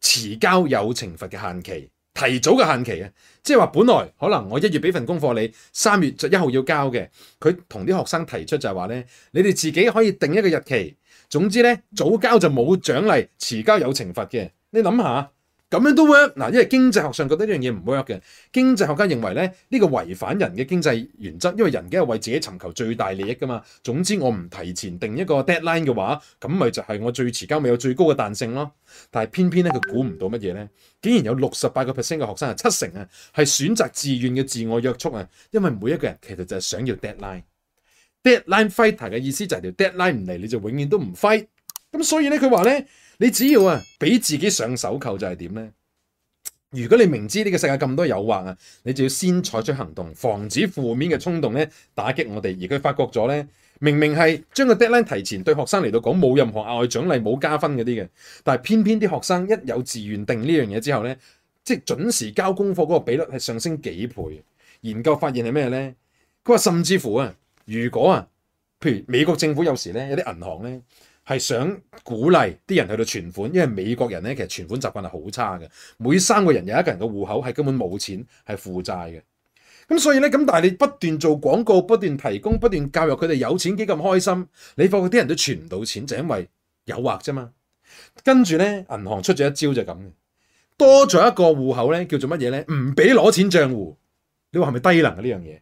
遲交有懲罰嘅限期，提早嘅限期啊，即係話本來可能我一月俾份功課你，三月就一號要交嘅，佢同啲學生提出就係話咧，你哋自己可以定一個日期，總之咧早交就冇獎勵，遲交有懲罰嘅，你諗下。咁樣都 work 嗱，因為經濟學上覺得呢樣嘢唔 work 嘅經濟學家認為咧，呢個違反人嘅經濟原則，因為人家係為自己尋求最大利益噶嘛。總之我唔提前定一個 deadline 嘅話，咁咪就係我最遲交，咪有最高嘅彈性咯。但係偏偏咧，佢估唔到乜嘢咧，竟然有六十八個 percent 嘅學生係七成啊，係選擇自願嘅自我約束啊，因為每一個人其實就係想要 deadline。deadline fighter 嘅意思就係條 deadline 唔嚟你就永遠都唔 fight。咁所以咧，佢話咧。你只要啊俾自己上手扣就係點咧？如果你明知呢個世界咁多誘惑啊，你就要先採取行動，防止負面嘅衝動咧打擊我哋。而佢發覺咗咧，明明係將個 deadline 提前，對學生嚟到講冇任何額外獎勵、冇加分嗰啲嘅，但係偏偏啲學生一有自願定呢樣嘢之後咧，即係準時交功課嗰個比率係上升幾倍。研究發現係咩咧？佢話甚至乎啊，如果啊，譬如美國政府有時咧，有啲銀行咧。係想鼓勵啲人去到存款，因為美國人咧其實存款習慣係好差嘅，每三個人有一個人嘅戶口係根本冇錢，係負債嘅。咁所以咧咁，但係你不斷做廣告，不斷提供，不斷教育佢哋有錢幾咁開心，你發覺啲人都存唔到錢，就因為誘惑啫嘛。跟住咧，銀行出咗一招就咁嘅，多咗一個戶口咧叫做乜嘢咧？唔俾攞錢賬戶，你話係咪低能啊呢樣嘢？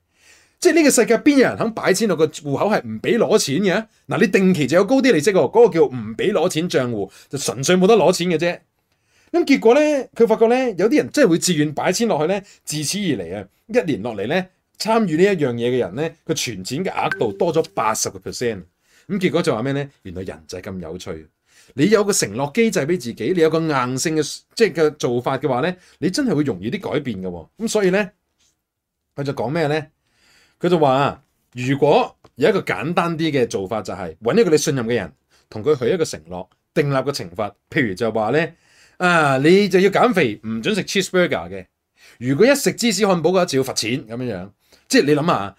即係呢個世界邊有人肯擺錢落個戶口係唔俾攞錢嘅？嗱，你定期就有高啲利息嘅，嗰個叫唔俾攞錢賬戶，就純粹冇得攞錢嘅啫。咁結果咧，佢發覺咧，有啲人真係會自願擺錢落去咧。自此以嚟啊，一年落嚟咧，參與呢一樣嘢嘅人咧，佢存錢嘅額度多咗八十個 percent。咁結果就話咩咧？原來人就係咁有趣。你有個承諾機制俾自己，你有個硬性嘅即係嘅做法嘅話咧，你真係會容易啲改變嘅。咁所以咧，佢就講咩咧？佢就話，如果有一個簡單啲嘅做法，就係，就係揾一個你信任嘅人，同佢許一個承諾，訂立個懲罰，譬如就話咧，啊，你就要減肥，唔準食芝士 burger 嘅，如果一食芝士漢堡嘅，就要罰錢咁樣樣。即係你諗下。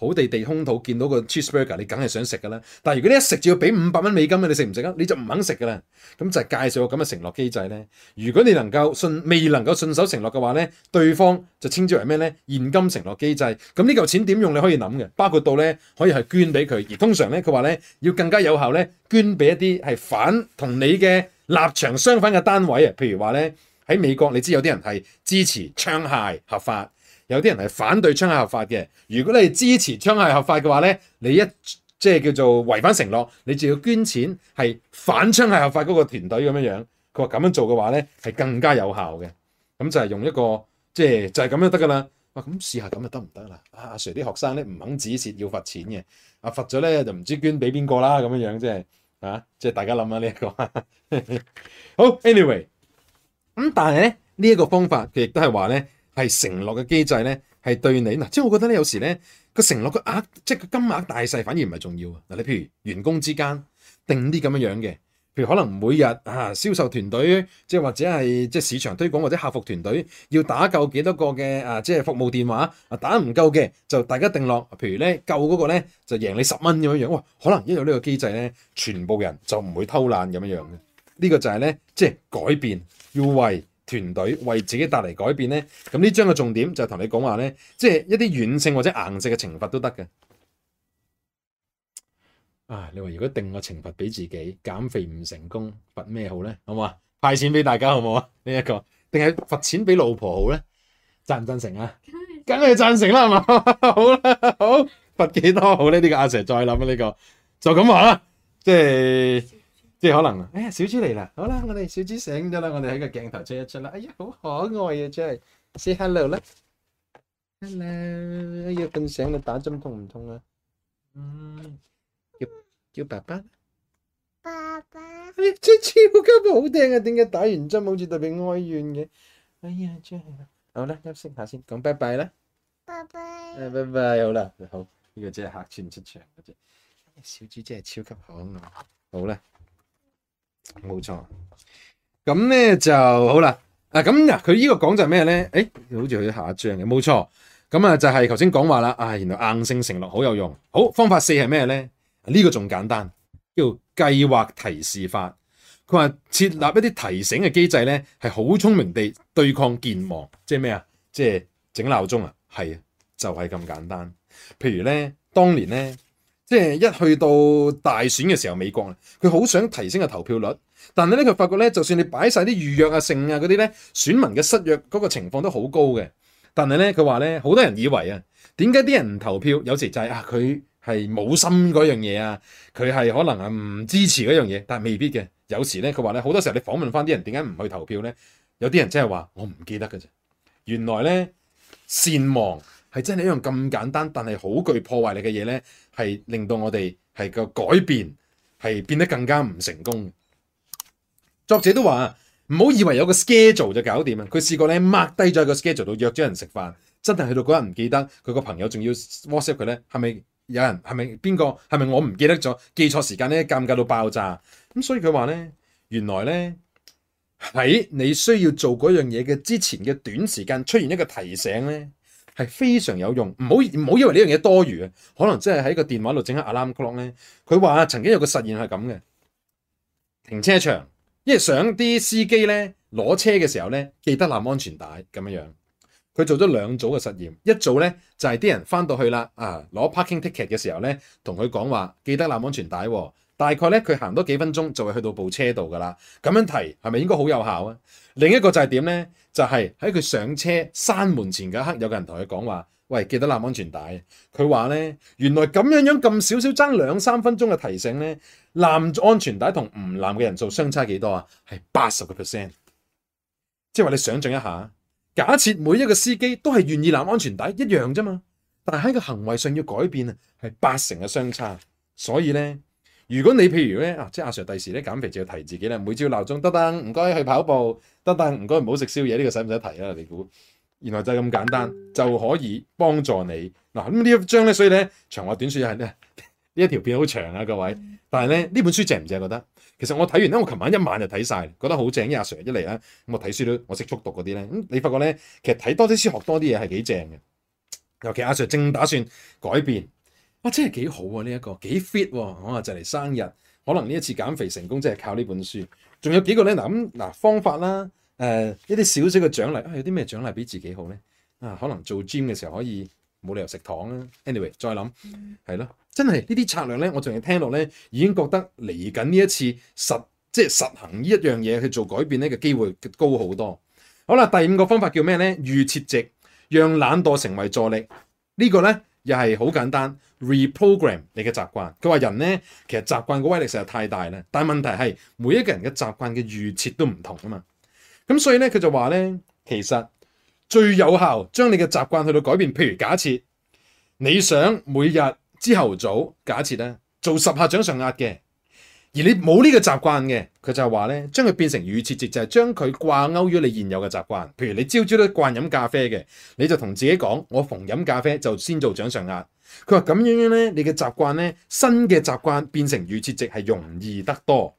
好地地空肚見到個 cheeseburger，你梗係想食㗎啦！但係如果你一食就要俾五百蚊美金嘅，你食唔食啊？你就唔肯食㗎啦！咁就係介紹個咁嘅承諾機制咧。如果你能夠信未能夠信守承諾嘅話咧，對方就稱之為咩咧？現金承諾機制。咁呢嚿錢點用？你可以諗嘅，包括到咧可以係捐俾佢。而通常咧，佢話咧要更加有效咧，捐俾一啲係反同你嘅立場相反嘅單位啊。譬如話咧喺美國，你知有啲人係支持槍械合法。有啲人係反對槍械合法嘅。如果你係支持槍械合法嘅話咧，你一即係、就是、叫做違反承諾，你就要捐錢係反槍械合法嗰個團隊咁樣樣。佢話咁樣做嘅話咧，係更加有效嘅。咁就係用一個即係就係、是、咁樣得㗎啦。哇，咁試下咁就得唔得啦？啊，阿、啊、Sir 啲學生咧唔肯止蝕要罰錢嘅。阿罰咗咧就唔知捐俾邊個啦咁樣樣，即係啊，即係、就是啊就是、大家諗下呢、這、一個。 好，anyway，咁、嗯、但係咧呢一個方法佢亦都係話咧。係承諾嘅機制咧，係對你嗱，即係我覺得咧，有時咧個承諾嘅額，即係金額大細反而唔係重要啊！嗱，你譬如員工之間定啲咁樣樣嘅，譬如可能每日啊，銷售團隊即係或者係即係市場推廣或者客服團隊要打夠幾多個嘅啊，即係服務電話啊，打唔夠嘅就大家定落，譬如咧夠嗰個咧就贏你十蚊咁樣樣，哇！可能一有呢個機制咧，全部人就唔會偷懶咁樣樣嘅，呢、呢個就係咧即係改變要為。團隊為自己帶嚟改變咧，咁呢張嘅重點就同你講話咧，即係一啲軟性或者硬性嘅懲罰都得嘅。啊，你話如果定個懲罰俾自己減肥唔成功，罰咩好咧？好唔好啊？派錢俾大家好唔好啊？呢、呢、一個定係罰錢俾老婆好咧？贊唔贊成啊？梗係贊成啦，係嘛？好啦，好，好罰幾多好呢？呢、呢個阿 Sir 再諗啊、呢個，呢個就咁話啦，即係。即係可能，誒，小豬嚟啦，好啦，我哋小豬醒咗啦，我哋喺個鏡頭出一出啦，哎呀，好可愛啊！真係，say hello 啦，hello，哎呀，瞓醒啦，打針痛唔痛啊？嗯，叫叫爸爸，爸爸，哎呀，真係超級好聽啊，點解打完針好似特別哀怨嘅？哎呀，真係，好啦，休息下先，講 bye bye 啦，bye bye，誒，bye bye，好啦，好，呢個真係客串出場，隻小豬真係超級可愛啊，好啦。冇錯，咁咧就好啦。啊，咁嗱，佢呢個講就係咩咧？誒，好似佢下一章嘅，冇錯。咁啊，就係頭先講話啦。啊，原來硬性承諾好有用。好，方法四係咩咧？呢個仲簡單，叫計劃提示法。佢話設立一啲提醒嘅機制咧，係好聰明地對抗健忘，即係咩啊？即係整鬧鐘啊？係，就係咁簡單。譬如咧，當年咧。即係一去到大選嘅時候，美國啊，佢好想提升個投票率，但係咧佢發覺咧，就算你擺晒啲預約啊、性啊嗰啲咧，選民嘅失約嗰個情況都好高嘅。但係咧，佢話咧，好多人以為啊，點解啲人唔投票？有時就係啊，佢係冇心嗰樣嘢啊，佢係可能係唔支持嗰樣嘢，但係未必嘅。有時咧，佢話咧，好多時候你訪問翻啲人點解唔去投票咧，有啲人真係話我唔記得㗎啫。原來咧，善忘。係真係一樣咁簡單，但係好具破壞力嘅嘢咧，係令到我哋係個改變係變得更加唔成功。作者都話唔好以為有個 schedule 就搞掂啊！佢試過咧，mark 低咗個 schedule 度約咗人食飯，真係去到嗰日唔記得，佢個朋友仲要 WhatsApp 佢咧，係咪有人，係咪邊個，係咪我唔記得咗記錯時間咧，尷尬到爆炸咁。所以佢話咧，原來咧，喺你需要做嗰樣嘢嘅之前嘅短時間出現一個提醒咧，係非常有用，唔好唔好以為呢樣嘢多餘啊！可能真係喺個電話度整下 alarm clock 咧。佢話曾經有個實驗係咁嘅，停車場，因為想啲司機咧攞車嘅時候咧記得攬安全帶咁樣樣。佢做咗兩組嘅實驗，一組咧就係、是、啲人翻到去啦啊攞 parking ticket 嘅時候咧，同佢講話記得攬安全帶、哦。大概咧佢行多幾分鐘就會去到部車度㗎啦。咁樣提係咪應該好有效啊？另一個就係點咧？就係喺佢上車閂門前嗰刻，有個人同佢講話：喂，記得攬安全帶。佢話呢，原來咁樣樣咁少少爭兩三分鐘嘅提醒呢，攬安全帶同唔攬嘅人數相差幾多啊？係八十個 percent。即係話你想像一下，假設每一個司機都係願意攬安全帶一樣啫嘛，但係喺個行為上要改變啊，係八成嘅相差。所以呢。如果你譬如咧啊，即阿 Sir 第時咧減肥就要提自己咧，每朝鬧鐘得得，唔、呃、該去跑步，得、呃、得，唔該唔好食宵夜，呢、這個使唔使提啊？你估原來就係咁簡單，就可以幫助你嗱。咁、啊、呢一張咧，所以咧長話短説就係咧，呢一條片好長啊，各位。但係咧呢本書正唔正？覺得其實我睇完咧，我琴晚一晚就睇晒，覺得好正、啊。因為阿 Sir 一嚟咧，咁我睇書都我識速讀嗰啲咧，咁、嗯、你發覺咧，其實睇多啲書學多啲嘢係幾正嘅。尤其阿 Sir 正打算改變，改變。哇、啊！真係幾好喎、啊，呢一個幾 fit 喎、啊。我話就嚟生日，可能呢一次減肥成功，真係靠呢本書。仲有幾個咧？嗱咁嗱方法啦，誒、呃、一啲小小嘅獎勵。啊，有啲咩獎勵俾自己好咧？啊，可能做 gym 嘅時候可以冇理由食糖啦、啊。anyway，再諗係咯，真係呢啲策略咧，我仲要聽落咧，已經覺得嚟緊呢一次實即係實行呢一樣嘢去做改變呢個機會高好多。好啦，第五個方法叫咩咧？預設值，讓懶惰成為助力。這個、呢個咧又係好簡單。reprogram 你嘅習慣，佢話人呢，其實習慣嘅威力實在太大啦。但係問題係每一個人嘅習慣嘅預設都唔同啊嘛。咁所以咧佢就話咧，其實最有效將你嘅習慣去到改變。譬如假設你想每日之後早，假設咧做十下掌上壓嘅，而你冇呢個習慣嘅，佢就係話咧將佢變成預設節，就係將佢掛鈎於你現有嘅習慣。譬如你朝朝都慣飲咖啡嘅，你就同自己講：我逢飲咖啡就先做掌上壓。佢話咁樣樣咧，你嘅習慣咧，新嘅習慣變成預設值係容易得多。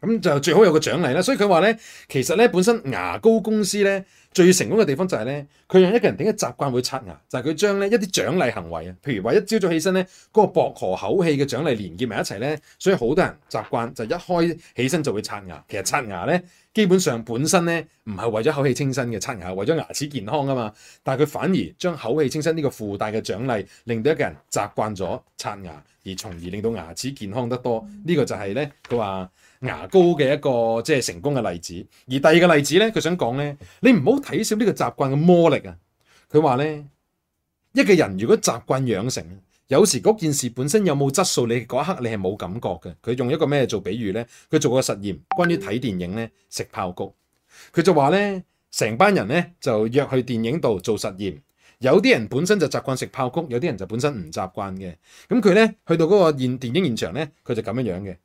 咁就最好有個獎勵啦。所以佢話咧，其實咧本身牙膏公司咧最成功嘅地方就係咧，佢用一個人點樣習慣會刷牙，就係佢將咧一啲獎勵行為啊，譬如話一朝早起身咧，嗰個薄荷口氣嘅獎勵連結埋一齊咧，所以好多人習慣就一開起身就會刷牙。其實刷牙咧。基本上本身咧，唔係為咗口氣清新嘅刷牙，為咗牙齒健康啊嘛。但係佢反而將口氣清新呢個附帶嘅獎勵，令到一個人習慣咗刷牙，而從而令到牙齒健康得多。呢個就係咧，佢話牙膏嘅一個即係成功嘅例子。而第二個例子咧，佢想講咧，你唔好睇小呢個習慣嘅魔力啊。佢話咧，一個人如果習慣養成有時嗰件事本身有冇質素，你嗰一刻你係冇感覺嘅。佢用一個咩做比喻呢？佢做過個實驗，關於睇電影呢，食爆谷。佢就話呢，成班人呢就約去電影度做實驗。有啲人本身就習慣食爆谷，有啲人就本身唔習慣嘅。咁佢呢，去到嗰個現電影現場呢，佢就咁樣樣嘅。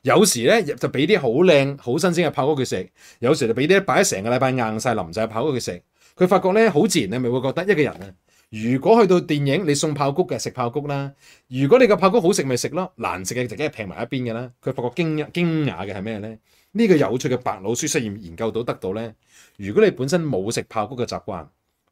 有時呢，就俾啲好靚好新鮮嘅爆谷佢食，有時就俾啲擺咗成個禮拜硬晒淋晒爆谷佢食。佢發覺呢，好自然你咪會覺得一個人啊。如果去到電影，你送爆谷嘅食爆谷啦。如果你嘅爆谷好食，咪食咯；難食嘅自己撇埋一邊嘅啦。佢發覺驚驚訝嘅係咩呢？呢、這個有趣嘅白老鼠實驗研究到得到呢：如果你本身冇食爆谷嘅習慣，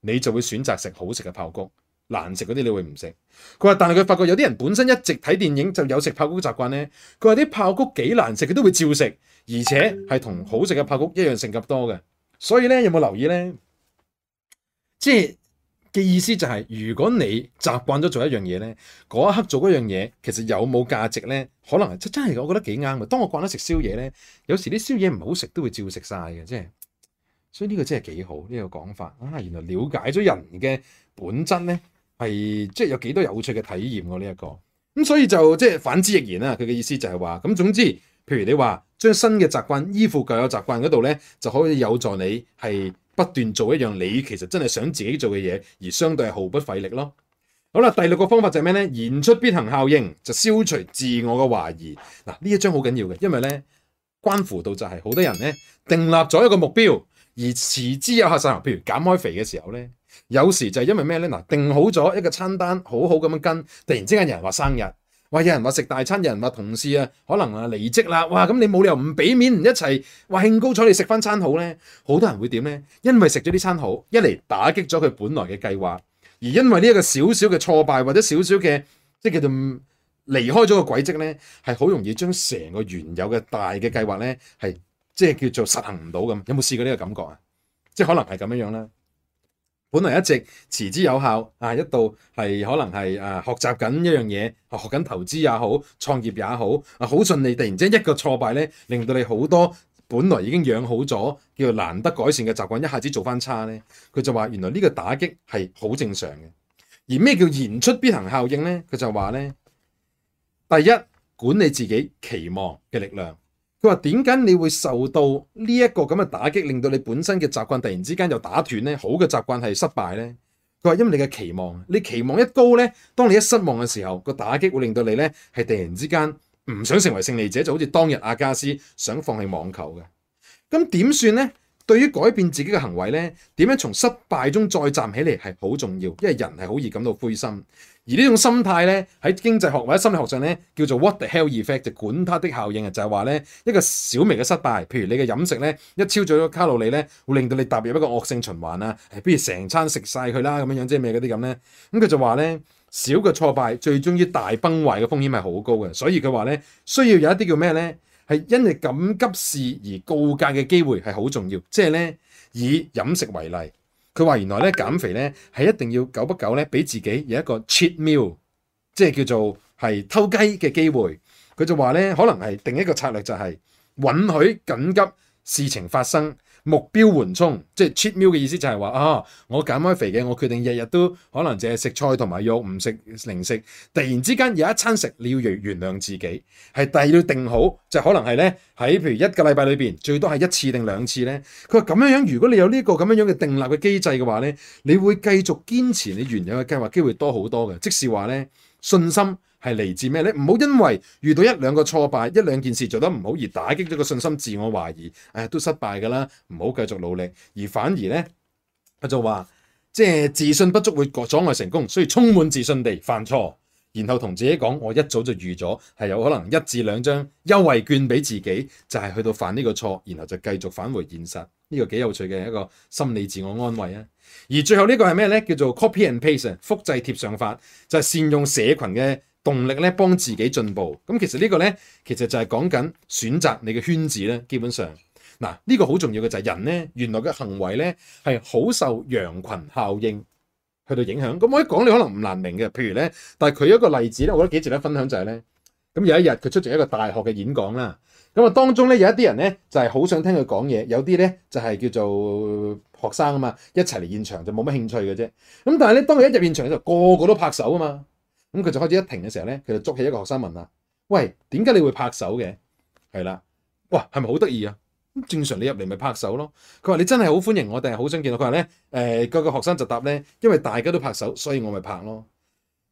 你就會選擇食好食嘅爆谷，難食嗰啲你會唔食。佢話，但係佢發覺有啲人本身一直睇電影就有食爆谷嘅習慣咧。佢話啲爆谷幾難食，佢都會照食，而且係同好食嘅爆谷一樣性咁多嘅。所以呢，有冇留意呢？即係。嘅意思就係、是，如果你習慣咗做一樣嘢呢，嗰一刻做嗰樣嘢，其實有冇價值呢？可能即真係，我覺得幾啱嘅。當我慣咗食宵夜呢，有時啲宵夜唔好食都會照食晒嘅，即係。所以呢個真係幾好呢、呢個講法啊！原來了解咗人嘅本質呢，係即係有幾多有趣嘅體驗喎呢一個。咁所以就即係反之亦然啦。佢嘅意思就係、是、話，咁總之，譬如你話將新嘅習慣依附舊有習慣嗰度呢，就可以有助你係。不斷做一樣你其實真係想自己做嘅嘢，而相對係毫不費力咯。好啦，第六個方法就係咩呢？言出必行效應就消除自我嘅懷疑。嗱，呢一張好緊要嘅，因為呢關乎到就係好多人呢定立咗一個目標，而持之有效。譬如減開肥嘅時候呢，有時就係因為咩呢？嗱，定好咗一個餐單，好好咁樣跟，突然之間有人話生日。話有人話食大餐，有人話同事啊可能啊離職啦，哇，咁你冇理由唔俾面唔一齊話興高采烈食翻餐好咧？好多人會點咧？因為食咗啲餐好，一嚟打擊咗佢本來嘅計劃，而因為呢一個少少嘅挫敗或者少少嘅即係叫做離開咗個軌跡咧，係好容易將成個原有嘅大嘅計劃咧係即係叫做實行唔到咁。有冇試過呢個感覺啊？即係可能係咁樣樣啦。本嚟一直持之有效啊，一度係可能係誒、啊、學習緊一樣嘢，學緊投資也好，創業也好，啊好順利。突然之間一個挫敗咧，令到你好多本來已經養好咗叫做難得改善嘅習慣，一下子做翻差咧。佢就話：原來呢個打擊係好正常嘅。而咩叫言出必行效應咧？佢就話咧，第一管理自己期望嘅力量。佢話點解你會受到呢一個咁嘅打擊，令到你本身嘅習慣突然之間又打斷呢？好嘅習慣係失敗呢？佢話因為你嘅期望，你期望一高呢，當你一失望嘅時候，個打擊會令到你呢係突然之間唔想成為勝利者，就好似當日阿加斯想放棄網球嘅。咁點算呢？對於改變自己嘅行為呢，點樣從失敗中再站起嚟係好重要，因為人係好易感到灰心。而呢種心態咧，喺經濟學或者心理學上咧，叫做 what the hell effect，就管它的效應啊，就係話咧，一個小微嘅失敗，譬如你嘅飲食咧，一超咗咗卡路里咧，會令到你踏入一個惡性循環啊！誒，不如成餐食晒佢啦，咁樣樣即係咩嗰啲咁咧？咁佢就話咧，小嘅挫敗最終於大崩壞嘅風險係好高嘅，所以佢話咧，需要有一啲叫咩咧，係因為緊急事而告假嘅機會係好重要，即係咧以飲食為例。佢話，原來呢，減肥呢，係一定要久不久呢，俾自己有一個 cheat meal，e 即係叫做係偷雞嘅機會。佢就話呢，可能係定一個策略，就係允許緊急事情發生。目標緩衝，即、就、係、是、cheat meal 嘅意思就係話啊，我減開肥嘅，我決定日日都可能淨係食菜同埋肉，唔食零食。突然之間有一餐食，你要原原諒自己。係第二要定好，就可能係咧喺譬如一個禮拜裏邊最多係一次定兩次咧。佢話咁樣樣，如果你有呢、這個咁樣這樣嘅定立嘅機制嘅話咧，你會繼續堅持你原有嘅計劃機會多好多嘅。即使話咧信心。係嚟自咩咧？唔好因為遇到一兩個挫敗、一兩件事做得唔好而打擊咗個信心、自我懷疑。唉、哎，都失敗㗎啦，唔好繼續努力。而反而咧，佢就話，即係自信不足會阻礙成功，所以充滿自信地犯錯，然後同自己講：我一早就預咗係有可能一至兩張優惠券俾自己，就係、是、去到犯呢個錯，然後就繼續返回現實。呢、這個幾有趣嘅一個心理自我安慰啊！而最後個呢個係咩咧？叫做 copy and paste，複製貼上法，就係、是、善用社群嘅。動力咧幫自己進步，咁其實呢個咧，其實就係講緊選擇你嘅圈子咧。基本上，嗱呢個好重要嘅就係人咧，原來嘅行為咧係好受羊群效應去到影響。咁我一講你可能唔難明嘅，譬如咧，但係佢有一個例子咧，我覺得幾值得分享就係咧，咁有一日佢出席一個大學嘅演講啦，咁啊當中咧有一啲人咧就係好想聽佢講嘢，有啲咧就係叫做學生啊嘛，一齊嚟現場就冇乜興趣嘅啫。咁但係咧當佢一入現場嘅時候，個個都拍手啊嘛。咁佢就開始一停嘅時候咧，佢就捉起一個學生問啦：喂，點解你會拍手嘅？係啦，哇，係咪好得意啊？正常你入嚟咪拍手咯。佢話：你真係好歡迎我，定係好想見到？佢話咧，誒個、呃、個學生就答咧，因為大家都拍手，所以我咪拍咯。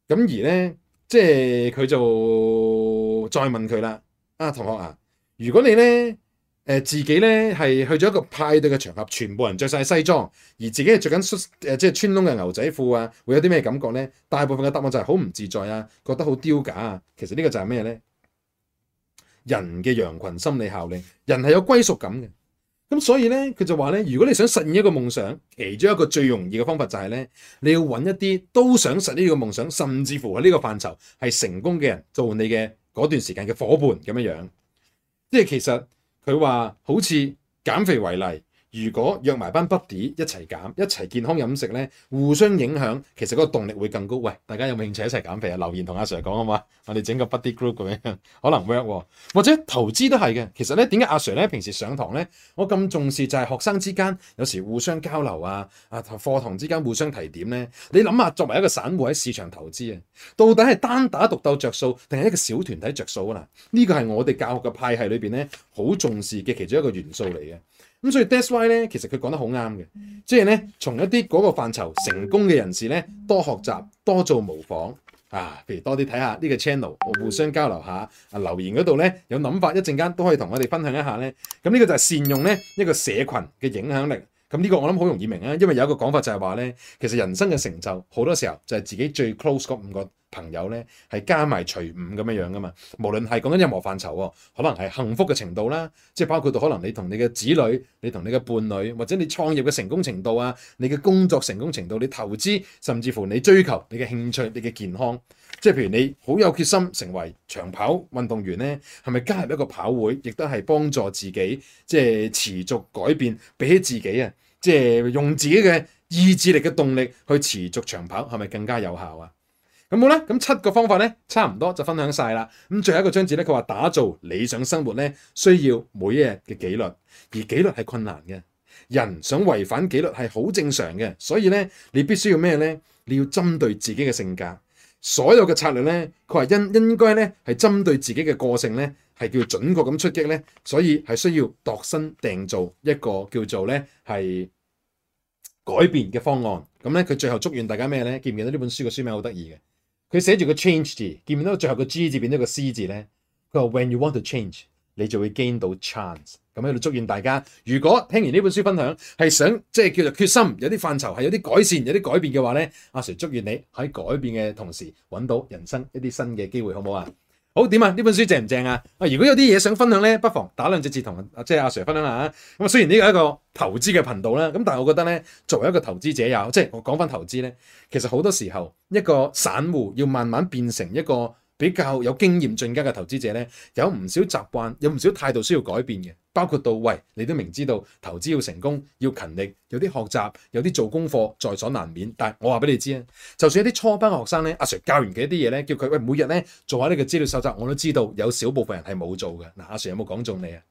咁而咧，即係佢就再問佢啦：啊同學啊，如果你咧？誒、呃、自己咧係去咗一個派對嘅場合，全部人着晒西裝，而自己係着緊誒、呃、即係穿窿嘅牛仔褲啊，會有啲咩感覺咧？大部分嘅答案就係好唔自在啊，覺得好丟架啊。其實呢個就係咩咧？人嘅羊群心理效應，人係有歸屬感嘅。咁所以咧，佢就話咧，如果你想實現一個夢想，其中一個最容易嘅方法就係咧，你要揾一啲都想實現呢個夢想，甚至乎喺呢個範疇係成功嘅人做你嘅嗰段時間嘅伙伴咁樣樣，即係其實。佢話：好似減肥為例。如果約埋班 buddy 一齊減，一齊健康飲食咧，互相影響，其實嗰個動力會更高。喂，大家有冇興趣一齊減肥啊？留言同阿 Sir 講好唔好，我哋整個 buddy group 咁樣，可能 work 喎。或者投資都係嘅。其實咧，點解阿 Sir 咧平時上堂咧，我咁重視就係學生之間有時互相交流啊，啊課堂之間互相提點咧。你諗下，作為一個散戶喺市場投資啊，到底係單打獨鬥着數，定係一個小團體着數啊？嗱，呢個係我哋教學嘅派系裏邊咧，好重視嘅其中一個元素嚟嘅。咁所以 that's why 咧，其實佢講得好啱嘅，即係咧從一啲嗰個範疇成功嘅人士咧，多學習、多做模仿啊，譬如多啲睇下呢個 channel，互相交流下啊，留言嗰度咧有諗法一陣間都可以同我哋分享一下咧。咁呢個就係善用咧一個社群嘅影響力。咁呢個我諗好容易明啊，因為有一個講法就係話咧，其實人生嘅成就好多時候就係自己最 close 嗰五個朋友呢係加埋除五咁樣樣㗎嘛，無論係講緊任何範疇喎，可能係幸福嘅程度啦，即係包括到可能你同你嘅子女、你同你嘅伴侶，或者你創業嘅成功程度啊，你嘅工作成功程度、你投資，甚至乎你追求你嘅興趣、你嘅健康，即係譬如你好有決心成為長跑運動員呢，係咪加入一個跑會，亦都係幫助自己，即係持續改變，比起自己啊，即係用自己嘅意志力嘅動力去持續長跑，係咪更加有效啊？咁好啦，咁七個方法咧，差唔多就分享晒啦。咁最後一個章節咧，佢話打造理想生活咧，需要每日嘅紀律，而紀律係困難嘅。人想違反紀律係好正常嘅，所以咧，你必須要咩咧？你要針對自己嘅性格，所有嘅策略咧，佢話應應該咧係針對自己嘅個性咧，係叫準確咁出擊咧。所以係需要度身訂造一個叫做咧係改變嘅方案。咁咧，佢最後祝願大家咩咧？記唔記得呢本書嘅書名好得意嘅？佢寫住個 change 字，見唔見到最後個 G 字變咗個 C 字咧？佢話：When you want to change，你就會 gain 到 chance。咁喺度祝願大家，如果聽完呢本書分享係想即係、就是、叫做決心，有啲範疇係有啲改善、有啲改變嘅話咧，阿、啊、Sir 祝願你喺改變嘅同時揾到人生一啲新嘅機會，好唔好啊？好，點啊？呢本書正唔正啊？如果有啲嘢想分享呢，不妨打兩隻字同阿 Sir 分享下啊。雖然呢個係一個投資嘅頻道啦，但係我覺得呢，作為一個投資者也好，即係我講返投資呢，其實好多時候一個散戶要慢慢變成一個。比較有經驗進階嘅投資者咧，有唔少習慣，有唔少態度需要改變嘅，包括到喂，你都明知道投資要成功要勤力，有啲學習，有啲做功課在所難免。但係我話俾你知啊，就算一啲初班學生咧，阿、啊、Sir 教完嘅一啲嘢咧，叫佢喂每日咧做下呢個資料搜集，我都知道有少部分人係冇做嘅。嗱，阿 Sir 有冇講中你啊？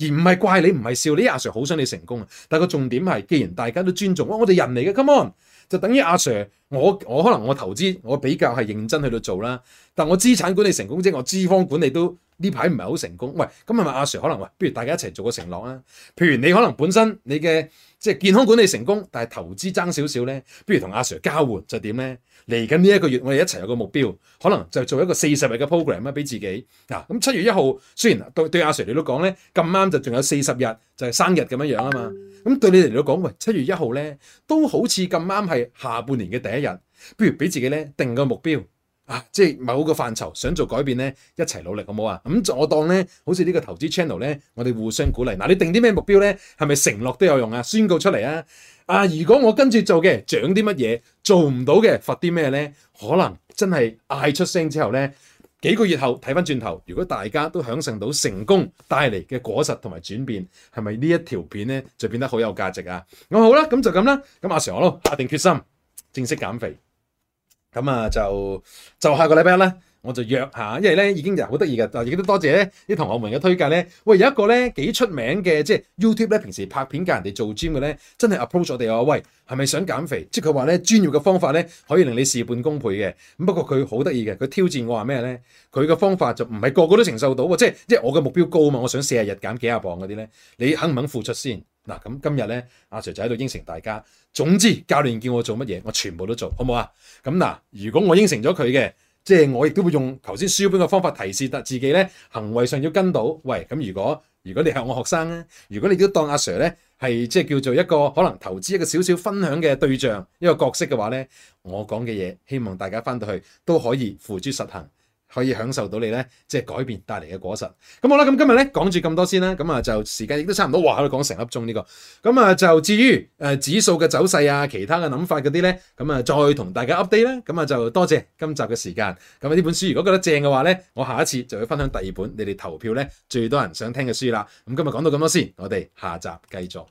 而唔係怪你，唔係笑你。阿、啊、Sir 好想你成功啊。但係個重點係，既然大家都尊重，我哋人嚟嘅，come on，就等於阿、啊、Sir。我我可能我投資我比較係認真去到做啦，但我資產管理成功啫，我脂肪管理都呢排唔係好成功。喂，咁係咪阿 Sir 可能喂，不如大家一齊做個承諾啦。譬如你可能本身你嘅即係健康管理成功，但係投資爭少少咧，不如同阿 Sir 交換就點咧？嚟緊呢一個月我哋一齊有一個目標，可能就做一個四十日嘅 program 啊，俾自己嗱。咁七月一號雖然對對阿 Sir 你都講咧，咁啱就仲有四十日就係生日咁樣樣啊嘛。咁對你嚟講，喂，七月一號咧都好似咁啱係下半年嘅第一。不如俾自己咧定個目標啊！即係某個範疇想做改變咧，一齊努力好冇啊？咁我當咧好似呢個投資 channel 咧，我哋互相鼓勵。嗱、啊，你定啲咩目標咧？係咪承諾都有用啊？宣告出嚟啊！啊，如果我跟住做嘅，獎啲乜嘢？做唔到嘅，罰啲咩咧？可能真係嗌出聲之後咧，幾個月後睇翻轉頭，如果大家都享受到成功帶嚟嘅果實同埋轉變，係咪呢一條片咧就變得好有價值啊？咁、啊、好啦，咁就咁啦，咁阿 Sir 我、啊、咯下定決心。正式減肥，咁啊就就下個禮拜一咧，我就約下，因為咧已經就好得意嘅，亦都多謝啲同學們嘅推介咧。喂，有一個咧幾出名嘅，即係 YouTube 咧，平時拍片教人哋做 gym 嘅咧，真係 approach 我哋話喂，係咪想減肥？即係佢話咧專業嘅方法咧，可以令你事半功倍嘅。咁不過佢好得意嘅，佢挑戰我話咩咧？佢嘅方法就唔係個個都承受到喎，即係即係我嘅目標高啊嘛，我想四十日減幾廿磅嗰啲咧，你肯唔肯付出先？嗱咁今日咧，阿 Sir 就喺度應承大家。總之教練叫我做乜嘢，我全部都做好冇啊？咁嗱，如果我應承咗佢嘅，即係我亦都會用頭先書本嘅方法提示得自己咧，行為上要跟到。喂，咁如果如果你係我學生咧，如果你都、啊、當阿 Sir 咧係即係叫做一個可能投資一個少少分享嘅對象一個角色嘅話咧，我講嘅嘢希望大家翻到去都可以付諸實行。可以享受到你咧，即係改變帶嚟嘅果實。咁好啦，咁今日咧講住咁多先啦。咁啊，就時間亦都差唔多，哇！講成粒鐘呢個。咁啊，就至於誒、呃、指數嘅走勢啊，其他嘅諗法嗰啲咧，咁啊，再同大家 update 啦。咁啊，就多謝今集嘅時間。咁啊，呢本書如果覺得正嘅話咧，我下一次就會分享第二本，你哋投票咧最多人想聽嘅書啦。咁今日講到咁多先，我哋下集繼續。